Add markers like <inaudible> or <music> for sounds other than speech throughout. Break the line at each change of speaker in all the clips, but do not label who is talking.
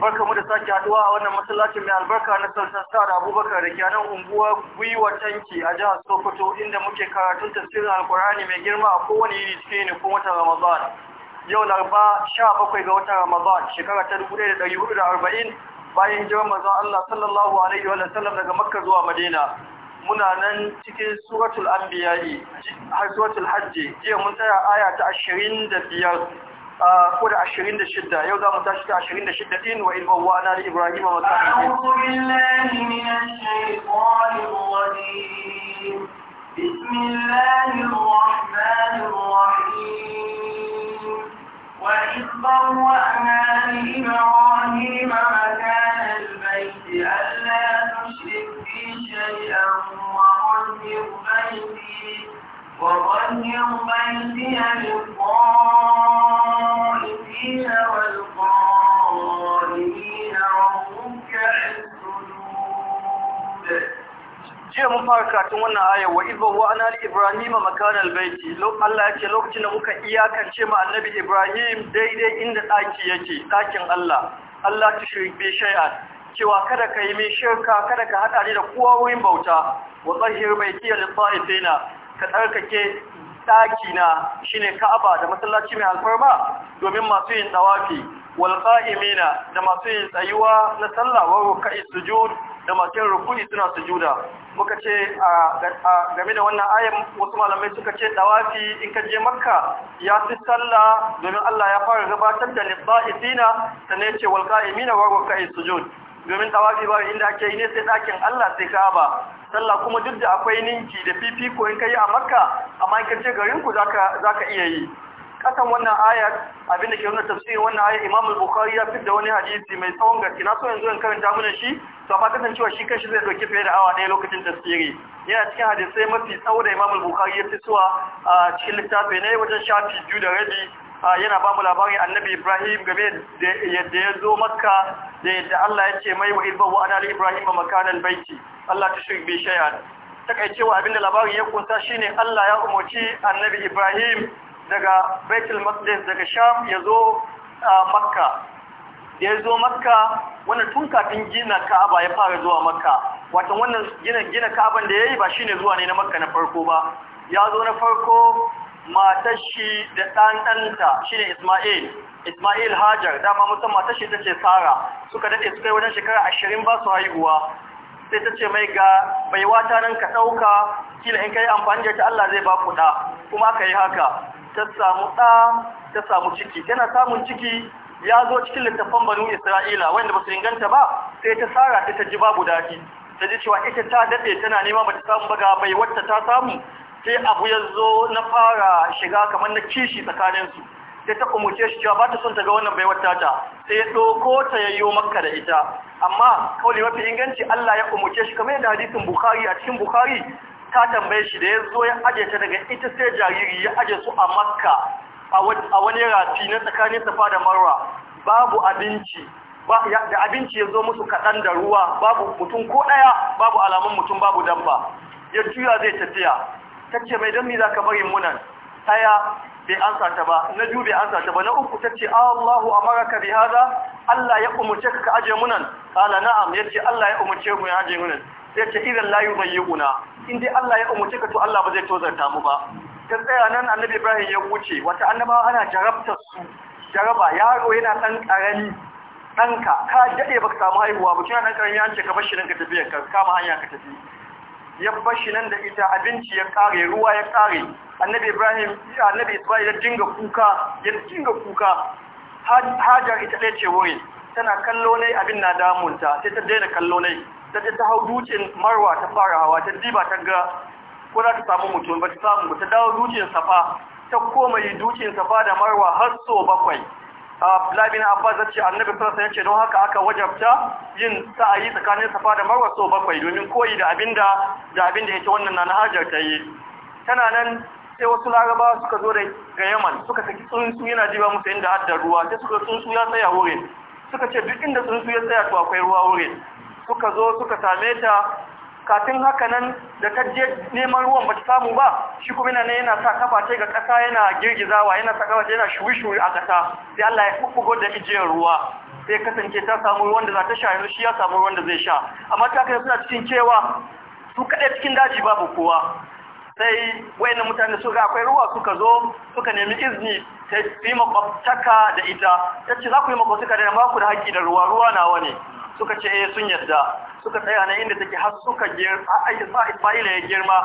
barka mu da sake haduwa a wannan masallacin mai albarka na Sultan Sa'ad Abubakar da ke nan unguwa Gwiwa Tanki a jihar Sokoto inda muke karatun tafsirin Alkur'ani mai girma a kowane yini cikin ne kuma watan Ramadan. Yau Laraba bakwai ga watan Ramadan shekara ta dubu da da ɗari arba'in, bayan hijirar manzon Allah sallallahu alaihi wa sallam daga Makka zuwa Madina. Muna nan cikin suratul Anbiya'i har suratul Hajji jiya mun tsaya aya ta ashirin da biyar. آه، قل عشرين للشدة يودا متاشتة عشرين للشدتين وإن بوأنا لإبراهيم والتحديد أعوذ
بالله من الشيطان الرجيم بسم الله الرحمن الرحيم وإذ بوأنا لإبراهيم مكان البيت ألا تشرك بي شيئا وقدر بيتي jiya
mun fara karatun wannan aya wa wa ana li ibrahima makanal baiti Allah yake lokacin da muka iyakance ma annabi ibrahim daidai inda daki yake dakin Allah Allah tushrik bi shay'an cewa kada ka yi min shirka kada ka hada ni da kowa wurin bauta wa zahir baiti lil ta'ifina ka tsarkake ɗaki na shine Ka'aba da masallaci mai alfarma domin masu yin dawafi wal qa'imina da masu yin tsayuwa na sallah wa ruku'i sujud da masu yin ruku'i suna sujuda muka ce a game da wannan ayan wasu malamai suka ce dawafi in ka je Makka ya fi sallah domin Allah ya fara gabatar da liba'itina sannan ya ce wal qa'imina wa ruku'i sujud domin tawafi ba inda ake yi ne sai ɗakin Allah sai Ka'aba sallah kuma duk da akwai ninki da fifi ko in kai a Makka amma in kace garin ku zaka zaka iya yi kasan wannan aya abinda ke nuna tafsirin wannan aya Imam al-Bukhari ya fitar da wani hadisi mai tsawon gaske na so yanzu in karanta mana shi to amma kasancewa shi kanshi zai dauki fiye da awa ɗaya lokacin tafsiri yana cikin hadisai mafi tsawo da Imam al-Bukhari ya fitowa a cikin littafi ne wajen shafi biyu da rabi yana ba mu labarin annabi Ibrahim game da yadda ya zo makka da yadda Allah ya ce mai wa ilbahu Ibrahim a makanan baiki. Allah ta bai shirk ta shay'an abin abinda labarin ya kunsa shine Allah ya umarci annabi Ibrahim daga Baitul Maqdis daga Sham ya zo makka da ya zo makka wannan tun kafin gina Ka'aba ya fara zuwa makka wato wannan gina gina Ka'aban da yayi ba shine zuwa ne na makka na farko ba ya zo na farko matar shi da ɗanɗanta shine shi ne Ismail, Ismail Hajar, dama mutum matar shi ta ce Sara, suka daɗe suka yi wajen shekara ashirin ba su haihuwa, sai ta ce mai ga wata nan ka ɗauka, kila in ka yi amfani da ta Allah zai ba ku ɗa, kuma aka yi haka, ta samu ɗa, ta samu ciki, tana samun ciki ya zo cikin littattafan banu Isra'ila wanda ba su inganta ba, sai ta Sara ta ji babu daɗi, ta ji cewa ita ta daɗe tana nema ba ta samu ba ga Bai baiwarta ta samu, sai abu ya zo na fara shiga kamar na kishi tsakaninsu sai ta umarce shi cewa ba ta son ta ga wannan baiwar tata sai ya ɗauko ta yayyo makka da ita amma kawai mafi inganci Allah ya umarce shi kamar yadda hadisin Bukhari a cikin Bukhari ta tambaye shi da ya zo ya aje ta daga ita sai jariri ya aje su a makka a wani rafi na tsakanin safa da marwa babu abinci da abinci ya zo musu kaɗan da ruwa babu mutum ko ɗaya babu alamun mutum babu dabba ya juya zai tafiya tace mai dan me zaka bari munan, aya bai ansa ta ba na ju bai ansa ta ba na uku tace Allahu amaraka bi hada Allah ya umurce ka ka aje munan kala na'am yace Allah ya umurce mu ya aje munan yace idan la yubayyuna in dai Allah ya umurce ka to Allah ba zai tozarta mu ba ta tsaya nan annabi Ibrahim ya wuce wata annabawa ana jarabta su jaraba yaro yana dan karami danka ka dade ka samu haihuwa ba kina dan karami an ce ka bar shi ranka tafiya ka kama hanya ka tafi ya bashi nan da ita abinci ya kare ruwa ya kare annabi ibrahim annabi isma'il ya dinga kuka ya dinga kuka hajar ita ɗaya ce wuri tana kallo ne abin na damunta sai ta daina kallo ne ta ta hau dutsen marwa ta fara hawa ta diba ta ga ko za ta samu mutum ba ta samu ta dawo dutsen safa ta koma yi dutsen safa da marwa har so bakwai Abdullahi bin Abbas ya ce annabi sallallahu ya ce don haka aka wajabta yin sa'ayi tsakanin Safa da Marwa so bakwai domin koyi da abinda da abinda yake wannan na Hajar ta yi tana nan sai wasu Laraba suka zo da ga Yaman suka saki tsuntsu yana jiba musu inda hadda ruwa sai suka tsuntsu ya tsaya wurin suka ce duk inda tsuntsu ya tsaya to akwai ruwa wurin suka zo suka same ta kafin haka nan da ta je neman ruwan ba ta samu ba shi kuma yana yana sa kafa ta ga kasa yana girgizawa yana sa kafa ta yana shuri-shuri a ƙasa sai Allah ya kuku da ijiyar ruwa sai kasance ta samu ruwan da za ta sha yanzu shi ya samu ruwan da zai sha amma ta kai suna cikin cewa su kaɗai cikin daji babu kowa sai wayannan mutane su ga akwai ruwa suka zo suka nemi izini ta yi makwabtaka da ita ta ce za ku yi makwabtaka da ba ku da haƙƙi da ruwa ruwa nawa ne suka ce eh sun yadda suka tsaya na inda take har suka girma Isma'ila ya girma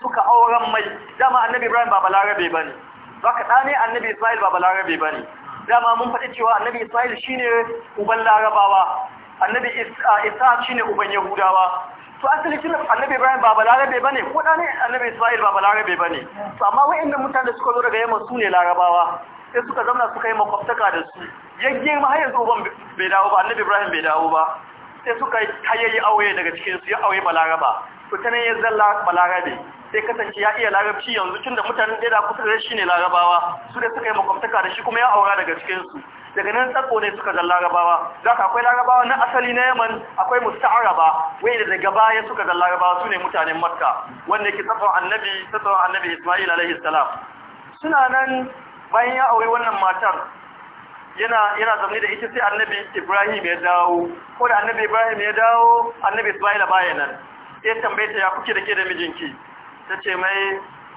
suka auren mai dama annabi Ibrahim ba balarabe bane zaka dane ne annabi Isma'il ba balarabe bane dama mun faɗi cewa annabi Isma'il shine uban larabawa annabi Isa shine uban yahudawa to asali shi annabi Ibrahim ba balarabe bane ko dane ne annabi Isma'il ba balarabe bane to amma wa'annan mutanen da suka zo daga yamma su ne larabawa sai suka zama suka yi makwabtaka da su ya ma yanzu uban bai dawo ba annabi ibrahim bai dawo ba sai suka yi tayayi auye daga cikin su ya auye balaraba to ta nan ya zalla balarabe sai kasance ya iya larabci yanzu tun da mutanen da kusa da shi ne larabawa su da suka yi makwabtaka da shi kuma ya aura daga cikin su daga nan tsako ne suka zalla larabawa za ka akwai larabawa na asali na yaman akwai musta'araba wai da daga baya suka zalla larabawa su ne mutanen makka wanda yake tsakon annabi tsakon annabi isma'il alaihi salam
suna nan
bayan ya aure wannan matar yana yana zaune da ita sai annabi Ibrahim ya dawo ko da annabi Ibrahim ya dawo annabi Isma'ila baya nan ya tambaye ta ya kuke da ke da mijinki tace mai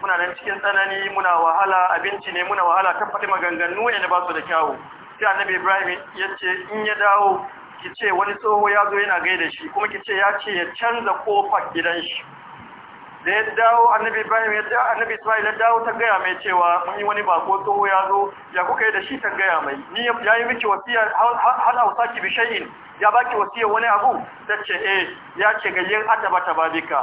muna nan cikin tsanani muna wahala abinci ne muna wahala ta faɗi maganganu ne na ba su da kyawu sai annabi Ibrahim ya ce in ya dawo ki ce wani tsoho ya zo yana gaida shi kuma ki ce ya ce ya canza kofar gidan shi da ya dawo annabi Ibrahim ya dawo annabi Ismail ya dawo ta gaya mai cewa mun yi wani bako tsoho ya zo ya kuka yi da shi ta gaya mai ni ya yi miki wasiya hal ki bi shay'in ya baki wasiya wani abu ta ce eh ya ce ga yin adaba ta babika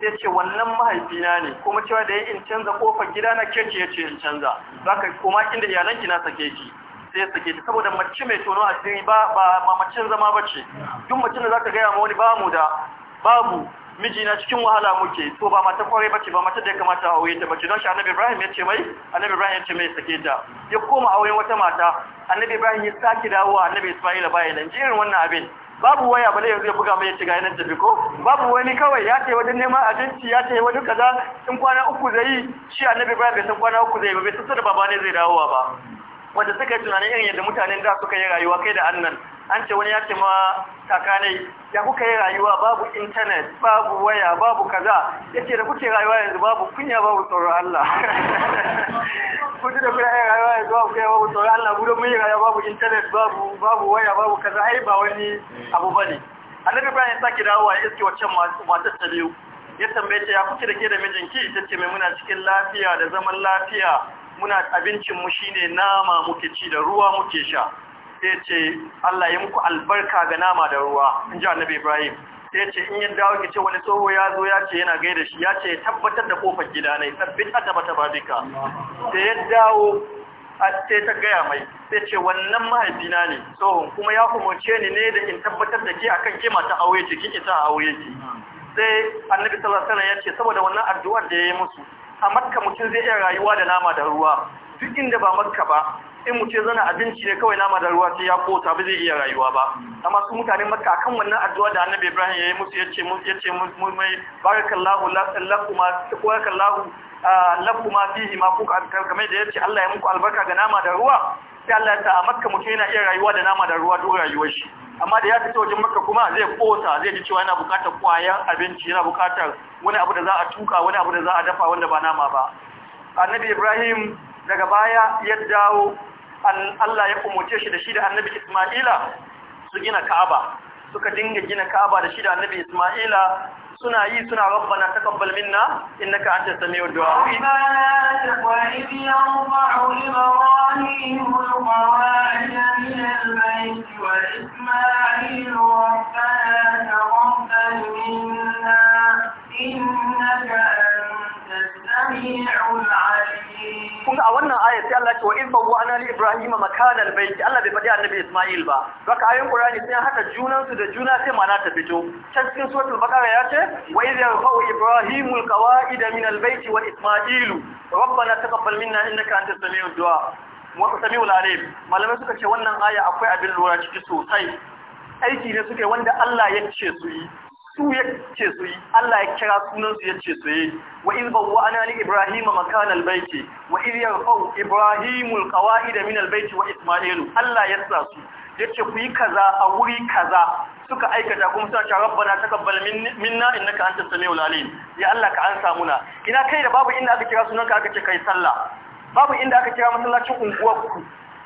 sai ce wannan mahaifina ne kuma cewa da ya in canza kofar gida na kece ya ce in canza zaka kuma inda ki na sake ki sai ya sake ta saboda mace mai tono asiri ba ba mamacin zama bace duk mace da zaka gaya ma wani ba mu da babu mijina cikin wahala muke to ba mata kware bace ba mata da ya kamata a aure ta bace don shi annabi Ibrahim ya ce mai annabi Ibrahim ya ce mai sake ta ya koma aure wata mata annabi Ibrahim ya saki dawowa annabi Isma'ila bayan nan jirin wannan abin babu waya bale yanzu ya buga mai ga yanar tafi ko babu wani kawai ya ce wajen neman abinci ya ce wani kaza in kwana uku zai yi shi annabi Ibrahim bai san kwana uku zai yi ba bai san da babane zai dawowa ba wanda suka yi tunanin irin yadda mutanen da suka yi rayuwa kai da annan an ce wani ya ce ma takanai ya kuka yi rayuwa babu intanet babu waya babu kaza ya ce da kuke rayuwa yanzu babu kunya babu tsoron Allah <laughs> kudu da kuna yin rayuwa yanzu babu kunya babu tsoron Allah gudun mun yi rayuwa babu intanet babu babu waya babu kaza ai ba wani abu ba ne annabi ibrahim sake dawowa ya iske wacce matar ta biyu ya tambaye ta ya kuke da ke da mijinki ta ce mai muna cikin lafiya da zaman lafiya muna abincinmu shine nama muke ci da ruwa muke sha sai ce Allah ya muku albarka ga nama da ruwa in ji annabi Ibrahim sai ce in yin dawo ki ce wani tsoho ya zo ya ce yana gaida shi ya ce tabbatar da kofar gida ne tabbatar ta bata ba duka sai ya dawo a sai ta gaya mai sai ce wannan mahaifina ne tsohon kuma ya umarce ni ne da in tabbatar da ke akan ke mata aure ce kin ita aure ki sai annabi sallallahu alaihi wasallam ya ce saboda wannan addu'ar da ya yi musu a makka mutum zai iya rayuwa da nama da ruwa duk inda ba makka ba in mu ce zana abinci ne kawai nama da ruwa sai ya kota ba zai iya rayuwa ba amma su mutanen makka akan wannan addu'a da annabi ibrahim ya yi musu yace mu yace mu mai barakallahu lakuma barakallahu lakuma fihi ma kuka kamar da yace Allah ya muku albarka ga nama da ruwa sai Allah ya sa a makka mutum yana iya rayuwa da nama da ruwa duk rayuwar shi amma da ya fita wajen makka kuma zai kota zai ji cewa yana bukatar kwayan abinci yana bukatar wani abu da za a tuka wani abu da za a dafa wanda ba nama ba annabi ibrahim daga baya ya dawo Allah ya umarce shi da shi da annabi Ismaila su gina Ka'aba suka dinga gina Ka'aba da shi da annabi Ismaila suna yi suna rabbana taqabbal minna innaka antas samiu du'a
rabbana taqabbal wa isma'il kuma a
wannan aya sai Allah ce wa in babu ana li Ibrahim makan bayt Allah bai faɗi annabi Isma'il ba baka ayin Qur'ani sai haka junan su da juna sai ma'ana ta fito can cikin suratul Baqara ya ce wa idh yarfa'u Ibrahim qawa'id min bayt wa Isma'il rabbana taqabbal minna innaka antas samiu du'a wa samiul alim malamai suka ce wannan aya akwai abin lura ciki sosai aiki ne suke wanda Allah ya ce su yi su ya ce su yi Allah ya kira sunansu su ya ce su yi wa iz ana li ibrahima makan albayti wa iz yarfa'u ibrahimul qawaida min albayti wa isma'ilu Allah ya sa su Ya ce ku yi kaza a wuri kaza suka aikata kuma suna cewa rabbana taqabbal minna innaka antas samiul alim ya Allah ka ansa muna ina kai da babu inda aka kira sunanka aka ce kai sallah babu inda aka kira masallacin unguwarku?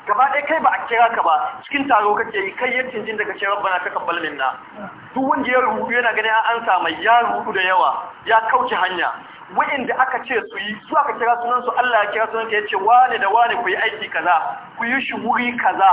gaba ɗaya kai ba a kira ka ba cikin taro kake yi kai yancin jin daga shirar bana ta kabbal minna duk wanda ya rubutu yana ganin an ansa mai ya rubutu da yawa ya kauce hanya da aka ce su yi su aka kira sunansu Allah ya kira sunan ka ce wane da wane ku yi aiki kaza ku yi shuhuri kaza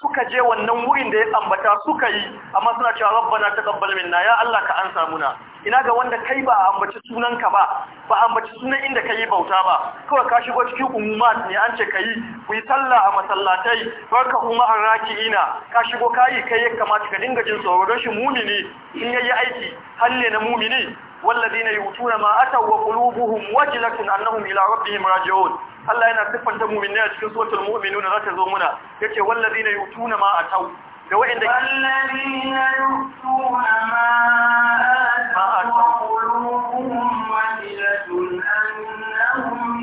suka je wannan wurin da ya ambata suka yi amma suna cewa ta taqabbal minna ya Allah ka ansa muna ina ga wanda kai ba ambaci sunanka ba ba ambaci sunan inda kai bauta ba kawai ka shigo cikin umumat ne an ce kai ku yi sallah a masallatai barka kuma an raki ina. ka shigo ka'yi kai ya kamata ka dinga jin tsoro don shi mumini in yayi aiki halle na mumini والذين يؤتون ما أتوا وقلوبهم وجلة أنهم إلى ربهم راجعون Allah yana siffanta mu'minai a cikin suratul mu'minun za ta zo muna yace wallazina yutuna ma atau da wa'inda wallazina
yutuna ma
atau qulubuhum
wajilatun annahum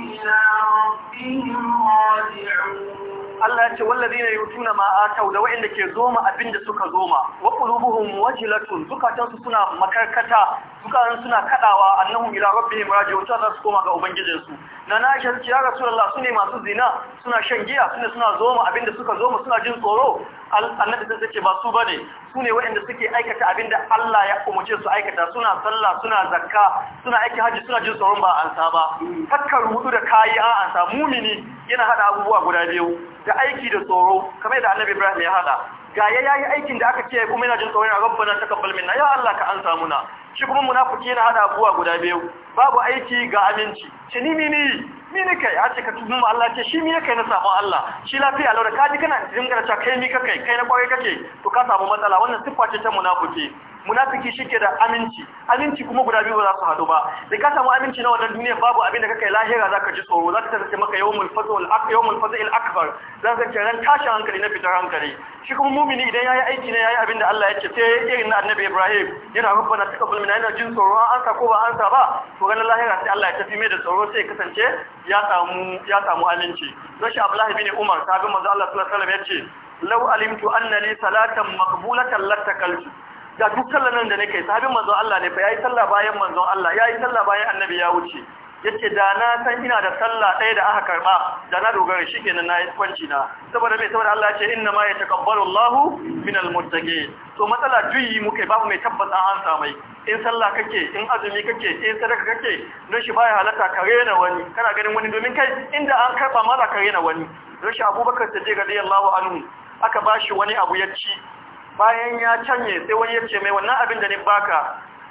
Allah ya ce wallazina yutuna ma atau da wa'inda ke zoma abinda suka zoma wa qulubuhum wajilatun su suna makarkata zukatan suna kadawa annahum ila rabbihim raji'un ta su koma ga ubangijin su na na shi ya rasulullah sune masu zina suna shan giya sune suna zoma abinda suka zoma suna jin tsoro annabi sai ce ba su bane sune wa'inda suke aikata abinda Allah ya umarce su aikata suna sallah suna zakka suna aiki haji suna jin tsoron ba an saba fakkar rudu da kayi an sa mumini yana hada abubuwa guda biyu da aiki da tsoro kamar da annabi ibrahim ya hada ga ya yayi aikin da aka ce kuma yana jin tsoron rabbana kabbal minna ya allah ka ansa muna shi kuma munafiki yana hada abuwa guda biyu babu aiki ga aminci shi ni ni ni ni ne kai a ce ka tuhum allah ce shi mi ne kai na samun allah shi lafiya laura ka ji kana jin garca kai mi ka kai kai na kwaye kake to ka samu matsala wannan siffa ce ta munafiki munafiki ke da aminci aminci kuma guda biyu ba za su hadu ba da ka samu aminci na wannan duniyar babu abin da kakai lahira zaka ji tsoro zaka kasance maka yawmul fazl ak yawmul fazl akbar zaka ce ran tashin hankali na fitar hankali shi kuma mumini idan yayi aiki ne yayi abin da Allah ya ce sai irin na annabi Ibrahim yana na cika minna yana jin tsoro an sa ko ba an sa ba to ganin lahira sai Allah ya tafi mai da tsoro sai kasance ya samu ya samu aminci Zan shi Abdullahi bin Umar sahabin manzo Allah sallallahu alaihi wasallam ya ce law alimtu annani salatan maqbulatan latakaltu Da duk sallar nan da nake sabin manzon Allah ne fa yayi sallah bayan manzo Allah yayi sallah bayan annabi ya wuce yace da na san ina da sallah ɗaya da aka karba da na dogara shikenan na yi kwanci na saboda mai saboda Allah ce inna ma yataqabbalu Allahu min muttaqin to matsala juyi muke babu mai tabbata an samai in sallah kake in azumi kake in sadaka kake don shi baya halatta ka rena wani kana ganin wani domin kai inda an karba ma za ka rena wani don shi Abubakar Siddiq radiyallahu anhu aka bashi wani abu ya ci bayan ya canye sai wani ya ce mai wannan abin da ni baka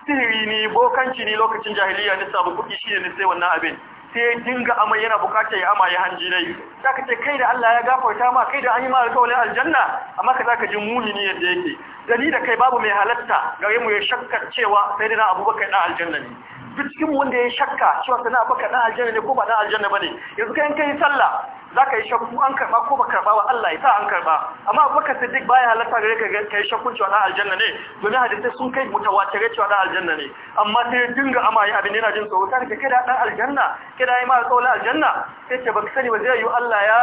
sihiri ne bokanci ne lokacin jahiliya ni sabu kuɗi shi ne sai wannan abin sai dinga amai yana bukatar ya amaye hanji nai ka ce kai da Allah ya gafarta ma kai da an yi ma alƙawarin aljanna amma ka zaka ji ne yadda yake gani da kai babu mai halatta gare mu ya shakka cewa sai da Abubakar na aljanna ne duk cikin wanda ya shakka cewa sai na Abubakar na aljanna ne ko ba na aljanna bane yanzu kai kai sallah za ka yi shakku an karba ko ba karba wa Allah ya sa an karba amma abubakar siddiq baya halatta gare ka ka yi shakkun cewa aljanna ne domin hadisi sun kai mutawatirai cewa na aljanna ne amma sai ya dinga amaye abin yana jin tsoro sai ka da dan aljanna kira yi ma kaula aljanna sai ce ba sani ba zai yi Allah ya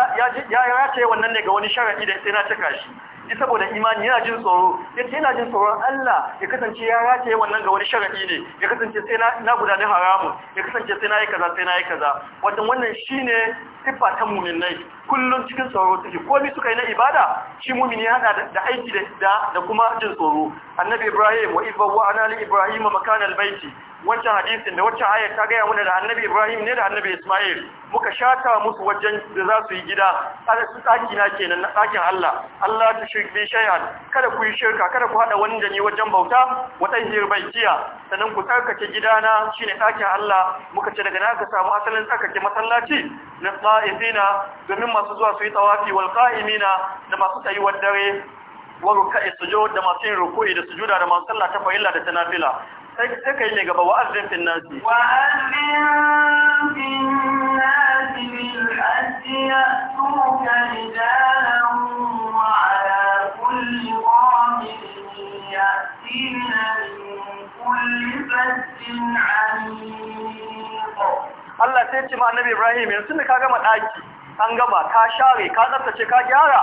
ya ya ce wannan ne ga wani sharadi da sai na taka shi shi saboda imani yana jin tsoro ce yana jin tsoron Allah ya kasance ya rataye wannan ga wani sharadi ne ya kasance sai na gudanar haramu. ya kasance sai na yi kaza sai na yi kaza wato wannan shine siffa ta mu'minai Kullum cikin tsoro suke komi suka yi na ibada shi mu'mini ya hada da aiki da kuma jin tsoro annabi Ibrahim wa ibawwa ana li Ibrahim wancan hadisin da wancan ayar ta gaya mana da annabi Ibrahim ne da annabi Ismail muka shata musu wajen da za su yi gida kada su tsaki na kenan na tsakin Allah Allah ta bi shay'an kada ku yi shirka kada ku hada wani da ni wajen bauta rubai jiya. sannan ku tsarkake gidana shine tsakin Allah muka ce daga ka samu asalin tsarkake masallaci na domin masu zuwa su yi tawafi wal qa'imina da masu tsayuwar dare wa ruka'i sujud da masu yin ruku'i da sujuda da masu sallah ta fa'ila da tanafila sai kai ne gaba wa'azin fin nasi
wa'azin fin nasi bil hajji ya'tuka rijalan wa ala kulli qamirin ya'tina min kulli fajjin 'amiq
Allah sai ce ma Annabi Ibrahim yanzu da ka gama daki an gama ka share ka tsaftace ka gyara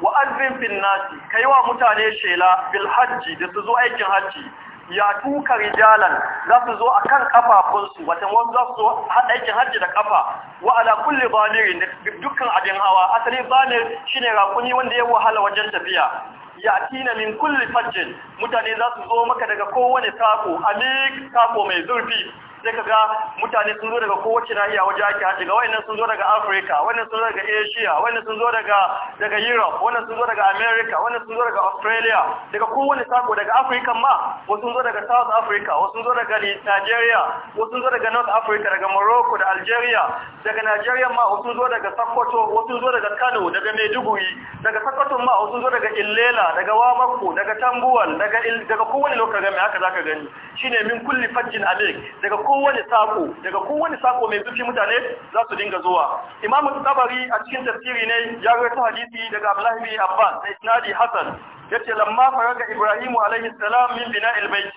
wa'azin fin nasi kai wa mutane shela bil hajji da su zo aikin hajji ya tuka rijalan za su zo akan kafafunsu watan wasu za su zo aikin hajji da kafa wa ala kulli balirin dukkan abin hawa asali shi shine rakuni wanda ya wahala wajen tafiya ya yatina min kulli fajjin mutane zasu zo maka daga kowane sako amik sako mai zurfi sai ka ga mutane sun zo daga kowace nahiya wajen ake haji ga wayannan sun zo daga Africa wayannan sun zo daga Asia wayannan sun zo daga daga Europe wayannan sun zo daga America wayannan sun zo daga Australia daga kowane sako daga Africa ma wasu sun zo daga South Africa wasu sun zo daga Nigeria wasu sun zo daga North Africa daga Morocco da Algeria daga Nigeria ma wasu sun zo daga Sokoto wasu sun zo daga Kano daga Maiduguri daga Sokoto ma wasu sun zo daga Illela daga Wamako daga Tambuwal daga daga kowane lokacin haka zaka gani shine min kulli fajjin amik daga kowane sako daga kowane sako mai zuci mutane za su dinga zuwa imam tabari a cikin tafsiri ne ya rawaito hadisi daga abdullahi bin abbas da isnadi hasan yace lamma faraga ibrahim alaihi salam min bina'il bayt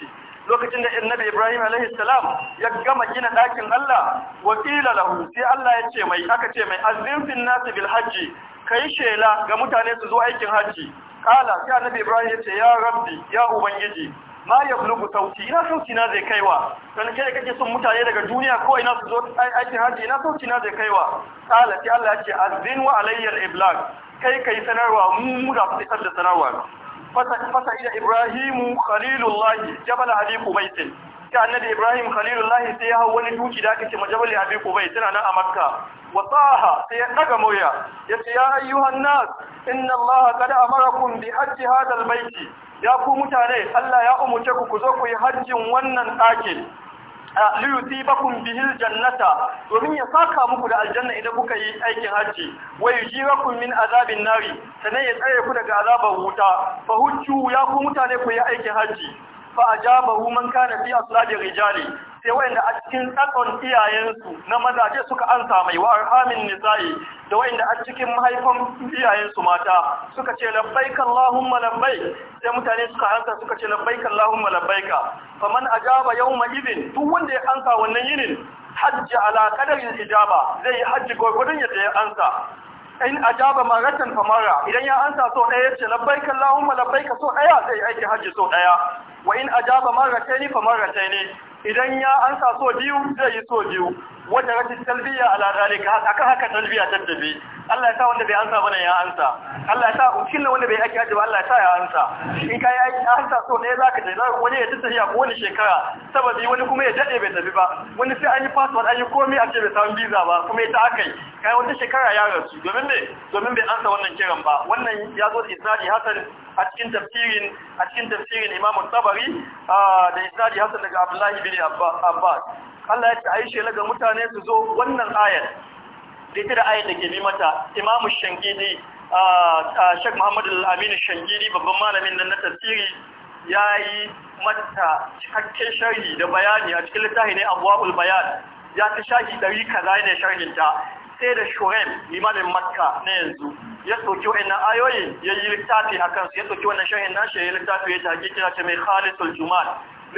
lokacin da annabi ibrahim alaihi salam ya gama gina dakin Allah wa qila lahu sai Allah ya ce mai aka ce mai azin fil nas bil hajji kai shela ga mutane su zo aikin hajji kala sai annabi ibrahim ya ce ya rabbi ya ubangiji ma ya bulugu sauti ina sauti na zai kaiwa sannan kai da kake son mutane daga duniya ko ina su zo aikin hajji ina sauti na zai kaiwa kala Allah ya ce azin wa Alayyar iblag kai kai sanarwa mu mu da su da sanarwa fasa ila ibrahimu khalilullahi jabal abi qubaisin annabi ibrahim khalilullahi sai ya hau wani duki da aka ce majabali abi qubais tana nan a makka ya سيحنق مويا يا أيها الناس إن الله قد أمركم بحج هذا baiti ya ku mutane Allah ya umurce ku ku zo ku yi hajjin wannan ɗakin liyusibakum bihil jannata domin ya saka muku da aljanna idan kuka yi aikin hajji jira yujibakum min azabin nari sannan ya tsare ku daga azabar wuta fa hujju ya ku mutane ku yi aikin hajji fa ajabahu man kana fi asladi rijali sai wayanda a cikin tsakon iyayensu na mazaje suka ansa mai wa arhamin nisa'i da wayanda a cikin mahaifan iyayensu mata suka ce labbaik allahumma labbai. sai mutane suka ansa suka ce labbaik allahumma labbaika faman ajaba yawma idin duk wanda ya ansa wannan yinin hajji ala kadarin ijaba zai yi hajji gwargwadon yadda ya ansa in ajaba maratan famara idan ya ansa so daya ce labbaika allahumma labbaika so daya zai aiki hajji so daya wa in ajaba marataini ne. idan ya an so biyu zai yi so biyu wanda rashin talbiya ala zalika haka haka talbiya ta tafi Allah ya sa wanda bai ansa bane ya ansa Allah ya sa ukilla wanda bai aiki haji ba Allah ya sa ya ansa in kai aiki ansa so ne zaka je wani ya tafi ko wani shekara sababi wani kuma ya dade bai tafi ba wani sai an yi passport an yi komai a ce bai samu visa ba kuma ita akai kai wanda shekara ya rasu domin me domin bai ansa wannan kiran ba wannan ya zo da isnadi hasan a cikin tafsirin a cikin tafsirin Imam Tabari ah, da isnadi hasan daga Abdullahi bin Abbas Allah ya ce aishe laga mutane su zo wannan ayar da ita da ayar da ke bi mata imamu shangidi shek Muhammadu aminu shangidi babban malamin nan na tasiri ya yi mata cikakken sharhi da bayani a cikin littafi ne abuwa bayan ya ta shaki ɗari kaza ne sharhinta sai da shoren limamin makka na yanzu ya soki wa'in ayoyin ya yi littafi a kansu ya soki wannan shahin nashi ya yi littafi ya ta hakikira ce mai khalisul jumal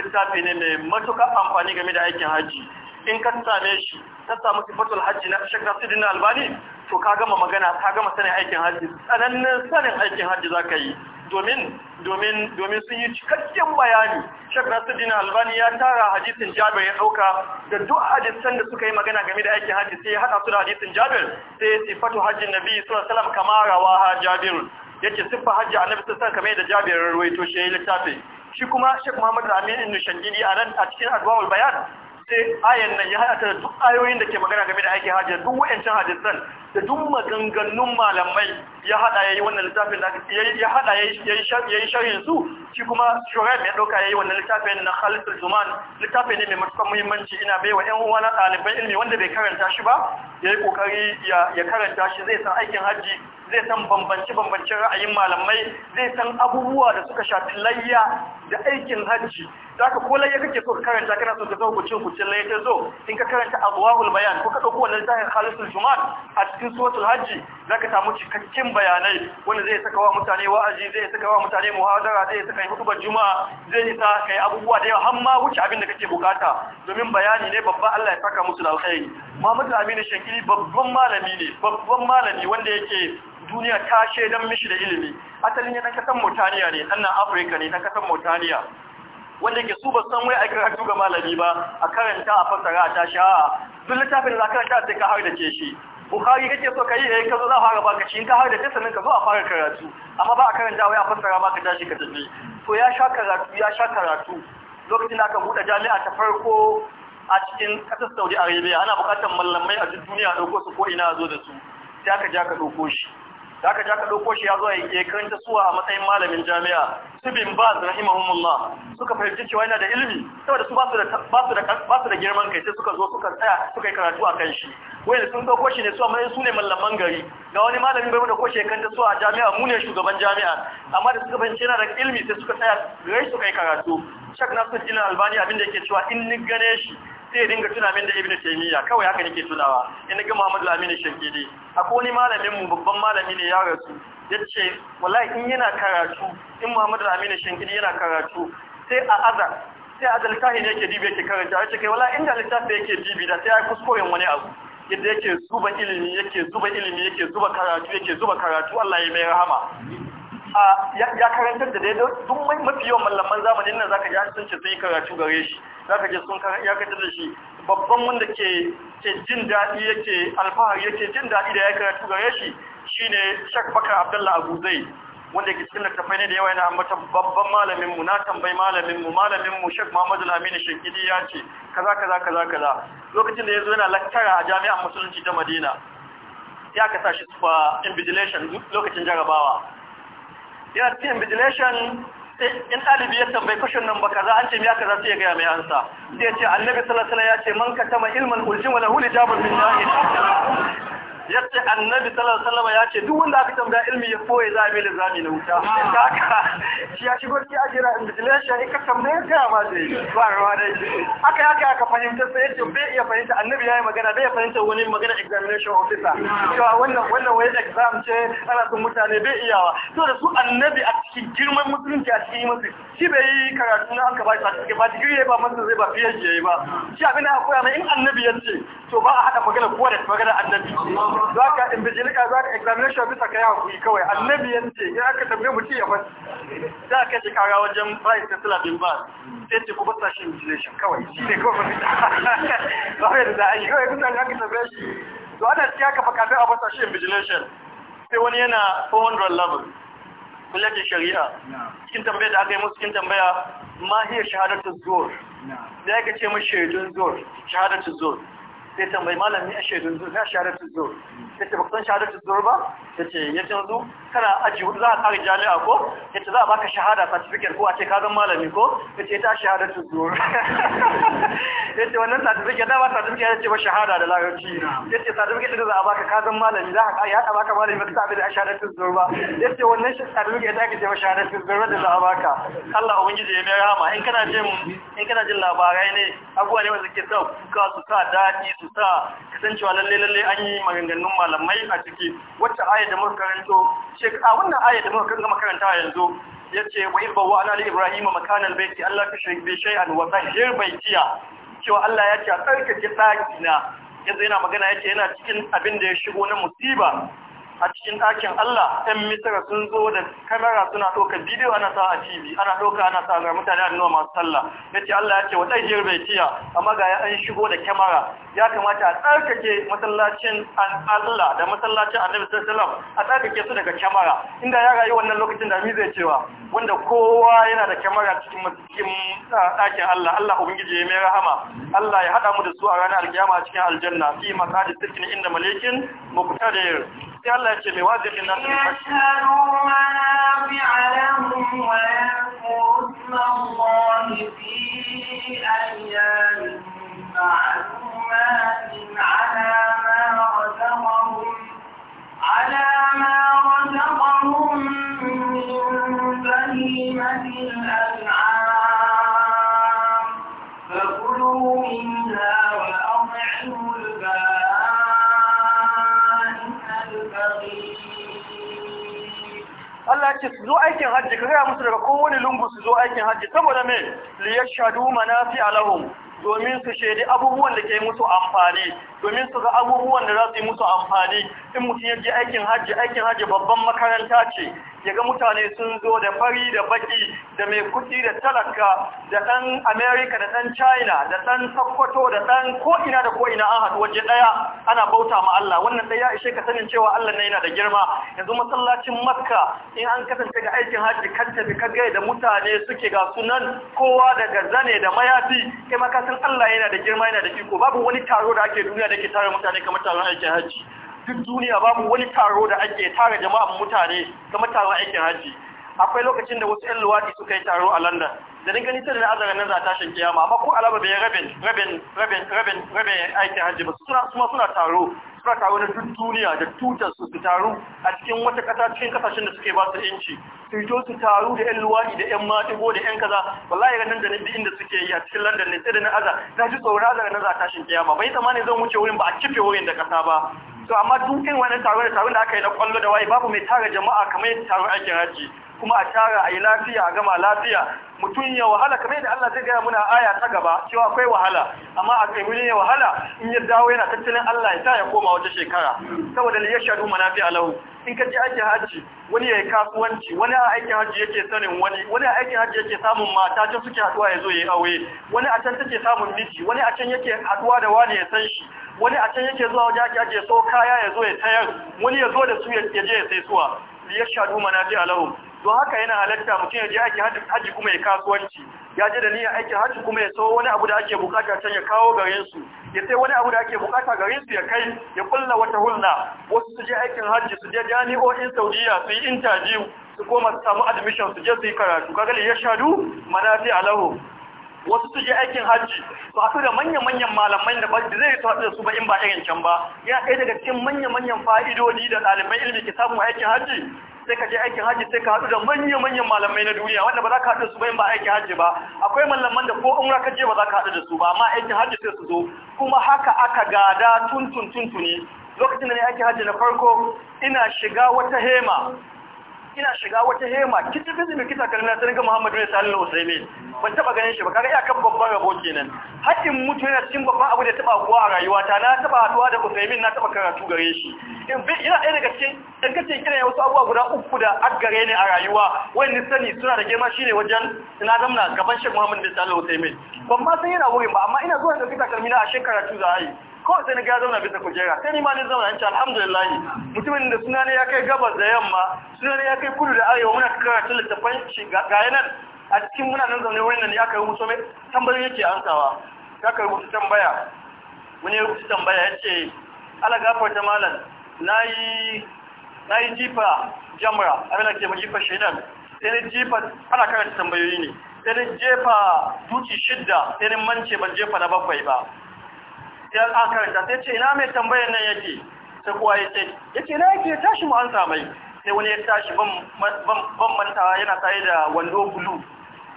littafi ne mai matuƙa amfani game da aikin haji in ka same shi ka samu sifatul haji na shakka nasiru albani to ka gama magana ka gama sanin aikin haji tsananin sanin aikin haji za ka yi domin domin domin sun yi cikakken bayani shakka sidin albani ya tara hadisin jabir ya ɗauka da duk hadisan da suka yi magana game da aikin haji sai ya haɗa su da hadisin jabir sai ya sifatu hajji nabi sallallahu alaihi wasallam kama rawaha jabir yake siffa hajji annabi sallallahu alaihi wasallam kamar da jabir ya rawaito shi littafi shi kuma Sheikh Muhammad Ramin Ibn a nan a cikin Adwaul Bayan sai ayan nan ya haɗa da duk ayoyin da ke magana game da aikin hajji duk wa'ancan hadisan da duk maganganun malamai ya haɗa yayi wannan littafin da ya haɗa yayi sharhin su shi kuma ɗauka ya yi yayi wannan littafin na Khalid Zuman littafin ne mai matukar muhimmanci ina baiwa ƴan uwa na ɗalibai ilmi wanda bai karanta shi ba yayi kokari ya karanta shi zai san aikin hajji zai san bambance-bambancen ra'ayin malamai zai san abubuwa da suka shafi layya da aikin hajji za ka ko ya kake so ka karanta kana so ka zo kucin kucin lai ta zo in ka karanta abuwahul bayan ko ka ɗauko wannan zahir halisul jumat a cikin suratul hajji za ka samu cikakken bayanai wanda zai saka wa mutane wa'azi zai saka wa mutane muhadara zai saka yi hutubar juma'a zai isa yi abubuwa da yawa har ma wuce abin da kake bukata domin bayani ne babba Allah ya saka musu da alkhairi Muhammad Aminu shankili babban malami ne babban malami wanda yake duniya ta shaidan mishi da ilimi asalin ya na kasan mutaniya ne ɗan Afirka ne na kasan mutaniya wanda ke su ba san wai a karatu ga malami ba a karanta a fasara a tashi a duk littafin da karanta sai ka har da ke shi Bukhari kake so ka yi eh ka zo za fara baka shi in ka har da tsanin ka zo a fara karatu amma ba a karanta wai a fasara ba ka tashi ka tafi to ya sha karatu ya sha karatu lokacin da aka buɗe jami'a ta farko a cikin ƙasar Saudi Arabia ana buƙatar mallamai a duk duniya su ko ina zo da su sai aka ja ka ɗauko shi da aka ja ka ɗauko shi ya zo a ya karanta suwa a matsayin malamin jami'a su bin ba su rahimahumullah suka fahimci cewa yana da ilimi saboda su ba su da girman kai sai suka zo suka tsaya suka yi karatu a kan shi wani sun ɗauko shi ne su a matsayin su ne mallaman gari ga wani malamin bai da koshe kanta suwa a jami'a mu ne shugaban jami'a amma da suka fahimci yana da ilimi sai suka tsaya rai suka yi karatu shak sun jina albani abin da yake cewa in ni gane shi sai dinga tuna min da ibnu taymiya kawai haka nake tunawa in ga muhammadu aminu shankidi akwai wani malamin mu babban malami ne ya rasu yace wallahi in yana karatu in muhammadu aminu shankidi yana karatu sai a azan sai a dalkahi ne yake dibe yake karanta yace kai wallahi inda littafi yake dibi da sai ya kuskuren wani abu yadda yake zuba ilimi yake zuba ilimi yake zuba karatu yake zuba karatu Allah ya mai rahama ya karantar da dai duk mafi yawan mallaman zamanin nan zaka ji sun ce sai karatu gare shi za ka je sun ya katar da shi babban wanda ke jin daɗi yake alfahari yake jin daɗi da ya karatu gare shi shine Sheikh bakar abdullah abu zai wanda ke cikin tafai ne da yawa yana ambata babban malamin mu na tambayi malamin mu malamin mu Sheikh Muhammad Al-Amin Shekidi ya ce kaza kaza kaza kaza lokacin da yazo yana lakkara a jami'an musulunci ta Madina ya ka tashi fa invigilation lokacin jarabawa Ya ce invigilation in ɗalibi ya tambayi kushin nan ba kaza an ce miya kaza sai ya gaya mai ansa sai ya ce annabi sallallahu alaihi ya ce man katama ilman uljima lahu lijabun min na'in ya ce annabi sallallahu ya ce duk wanda aka tambaya ilmi ya foye za a mai lizami na wuta haka shi ya shigo ki a jira invigilation shi ka tambaya ga ma zai ba ruwa dai haka haka aka fahimta sai yace bai iya fahimta annabi yayi magana bai fahimta wani magana examination officer cewa wannan wannan wai exam ce ana son mutane bai iyawa to da su annabi a cikin girman musulunci a cikin masu shi bai yi karatu na aka ba shi a cikin ba digiri ba masu zai ba PhD ba shi abin da aka koya mai in annabi ya ce to ba a hada magana kowa da magana annabi za ka invigilika za ka examination bisa ka yawon kuyi kawai annabi ya ce ya aka tambaye mutum ya fasi za ka shi kara wajen price ta tula bin ba sai ce ku bata shi invigilation kawai shi ne kawai mafita ba wai da za a yi kawai kusa ya ka tambaye shi to ana cikin aka fakafe a bata shi invigilation sai wani yana 400 level kullace shari'a cikin tambaya da aka yi musu cikin tambaya ma hiya shahadatu zuwa da ka ce mashi shahadar shahadatu zuwa sai tambayi malami a shaidun zuwa shaharatul zuwa ya ce shahada shahadatu zuwa ba ya ce ya ce kana aji hudu za a kare jami'a ko ya ce za a baka shahada certificate ko a ce kazan malami ko ya ce ta shahadatu zuwa <laughs> ya ce wannan certificate da ba certificate ya ce ba shahada da larabci ya ce certificate da za a baka kazan malami za a ya ta baka malami ba ta abin da shahada zuwa ba ya ce wannan certificate da ake ce ba ta zurba da za a baka Allah ubangiji ya mai rahama in kana jin in kana jin labarai ne abubuwa ne wanda suke sa kuka su sa daɗi su sa kasancewa lalle lalle an yi maganganun malamai a ciki wacce aya da muka karanto a wannan aya da muka gama karanta yanzu yace wa irbawa ala ibrahima makanal baiti Allah ka shirbe shay'an wa tahir baitiya cewa Allah ya ce a tsarkake daki na yanzu yana magana ya ce yana cikin abin da ya shigo na musiba a cikin ɗakin Allah ɗan misira sun zo da kamera suna ɗaukar bidiyo ana sa a TV ana ɗauka ana sa ga mutane a nuna masu sallah ya ce Allah ya ce wa ɗajiyar bai tiya amma ga ya an shigo da kyamara ya kamata a tsarkake masallacin Allah da masallacin annabi sallallahu a tsarkake su daga kyamara inda ya rayu wannan lokacin da mi zai cewa wanda kowa yana da kyamara cikin cikin ɗakin Allah Allah ubangiji ya mai rahama Allah ya haɗa mu da su a ranar alkiyama cikin aljanna fi maqadi sirkin inda malikin muqtadir sai Allah ya ce mai wazi kin nan ne haƙƙi. ce su zo aikin hajji ka gaya musu daga kowane lungu su zo aikin hajji saboda me li yashhadu manafi'a lahum domin su shaidi abubuwan da ke musu amfani domin su ga abubuwan da za su yi musu amfani in mutum ya aikin hajji aikin hajji babban makaranta ce ya ga mutane sun zo da fari da baki da mai kudi da talaka da ɗan amerika da ɗan china da ɗan sokoto da ɗan ko'ina da ko'ina an haɗu waje ɗaya ana bauta ma Allah wannan ɗaya ishe ka sanin cewa Allah na yana da girma yanzu masallacin makka in an kasance ga aikin hajji kan tafi ka da mutane suke ga sunan kowa daga zane da mayafi kai ma san Allah yana da girma yana da iko babu wani taro da ake duniya da ke tare mutane kamar taron aikin hajji duk duniya babu wani taro da ake tara jama'an mutane kamar taron aikin hajji akwai lokacin da wasu 'yan luwaɗi suka yi taro a London da ni gani sai da azara nan za tashin kiyama amma ko alama bai rabin rabin rabin rabin rabin aikin hajji ba suna kuma suna taro suna taro na duk duniya da tutar su su taro a cikin wata ƙasa cikin ƙasashen da suke ba su yanci su yi su taro da 'yan luwaɗi da 'yan maɗigo da 'yan kaza wallahi ranar da ni inda suke yi a cikin London ne sai da na aza. na ji tsoron azara na za tashin kiyama bai tsammani zan wuce wurin ba a kife wurin da ƙasa ba to amma dukkan wani taro da taron da aka yi na kwallo da waye babu mai tara jama'a kamar taron aikin hajji kuma a tara a yi lafiya a gama lafiya mutum ya wahala kamar yadda Allah zai gaya muna aya ta gaba cewa akwai wahala amma a kaimunin ya wahala in ya dawo yana tattalin Allah ya sa ya koma wata shekara saboda ya shaɗu manafi alahu in ka je aikin hajji wani ya yi kasuwanci wani a aikin hajji yake sanin wani wani a aikin hajji yake samun mata can suke haduwa ya zo ya yi aure wani a can take samun miji wani a can yake haduwa da wani ya san shi wani a can yake zuwa waje ake ajiye so kaya ya zo ya tayar wani ya zo da su ya je ya sai suwa liyashhadu manafi alahum don haka yana halatta mutum ya je aikin hajji kuma ya kasuwanci ya je da niyyar aikin hajji kuma ya sau wani abu da ake bukata can ya kawo gare su ya sai wani abu da ake bukata gare su ya kai ya kulla wata hulna wasu su je aikin hajji su je jami'o'in saudiya su yi interview su koma su samu admission su je su yi karatu kagali ya shadu manafi alahu wasu su je aikin hajji su haɗu da manya-manyan malamai da ba zai su haɗu da su ba in ba irin can ba ya ɗaya daga cikin manya-manyan fa'idodi da ɗalibai ilimi ke samun aikin hajji sai ka je aikin hajji sai ka haɗu da manya-manyan malamai na duniya wanda ba za ka haɗu da su ba in ba aikin hajji ba akwai malaman da ko umra ka je ba za ka haɗu da su ba amma aikin hajji sai su zo kuma haka aka gada tuntun tuntuni lokacin da ne aikin hajji na farko ina shiga wata hema ina shiga wata hema kitin bizimi kita kalmina sanin ga Muhammadu ne sallallahu alaihi ban taba ganin shi ba kaga iyakan babban rabo kenan haƙin mutu yana cikin babban abu da taba kuwa a rayuwata na taba haɗuwa da Usaimin na taba karatu gare shi in bi ina ɗaya daga cikin in kace kina wasu abubuwa guda uku da aggare ne a rayuwa wani sani suna da girma shine wajen na zamna gaban Sheikh Muhammadu bin Salih Usaimin ban ma san yana wurin ba amma ina zuwa da kita kalmina a shekara tu za a yi kawai sai na ga zauna bisa kujera sai ni ma ne zauna yanci alhamdulillah mutumin da suna ne ya kai gabas da yamma suna ne ya kai kudu da arewa muna karatun littafan shi ga nan a cikin muna nan zaune wurin ne aka rubuto mai tambayoyi yake ansawa ka rubuta tambaya wani ya rubuta tambaya ya ce ala gafarta malam na yi jifa jamra abin da ke ma jifa shaidan sai na jifa ana karanta tambayoyi ne sai na jefa duki shidda sai na mance ban jefa na bakwai ba sai an karanta sai ce ina mai tambayar nan yake sai kuwa ya ce na yake tashi mu an samai sai wani ya tashi ban manta yana tsaye da wando bulu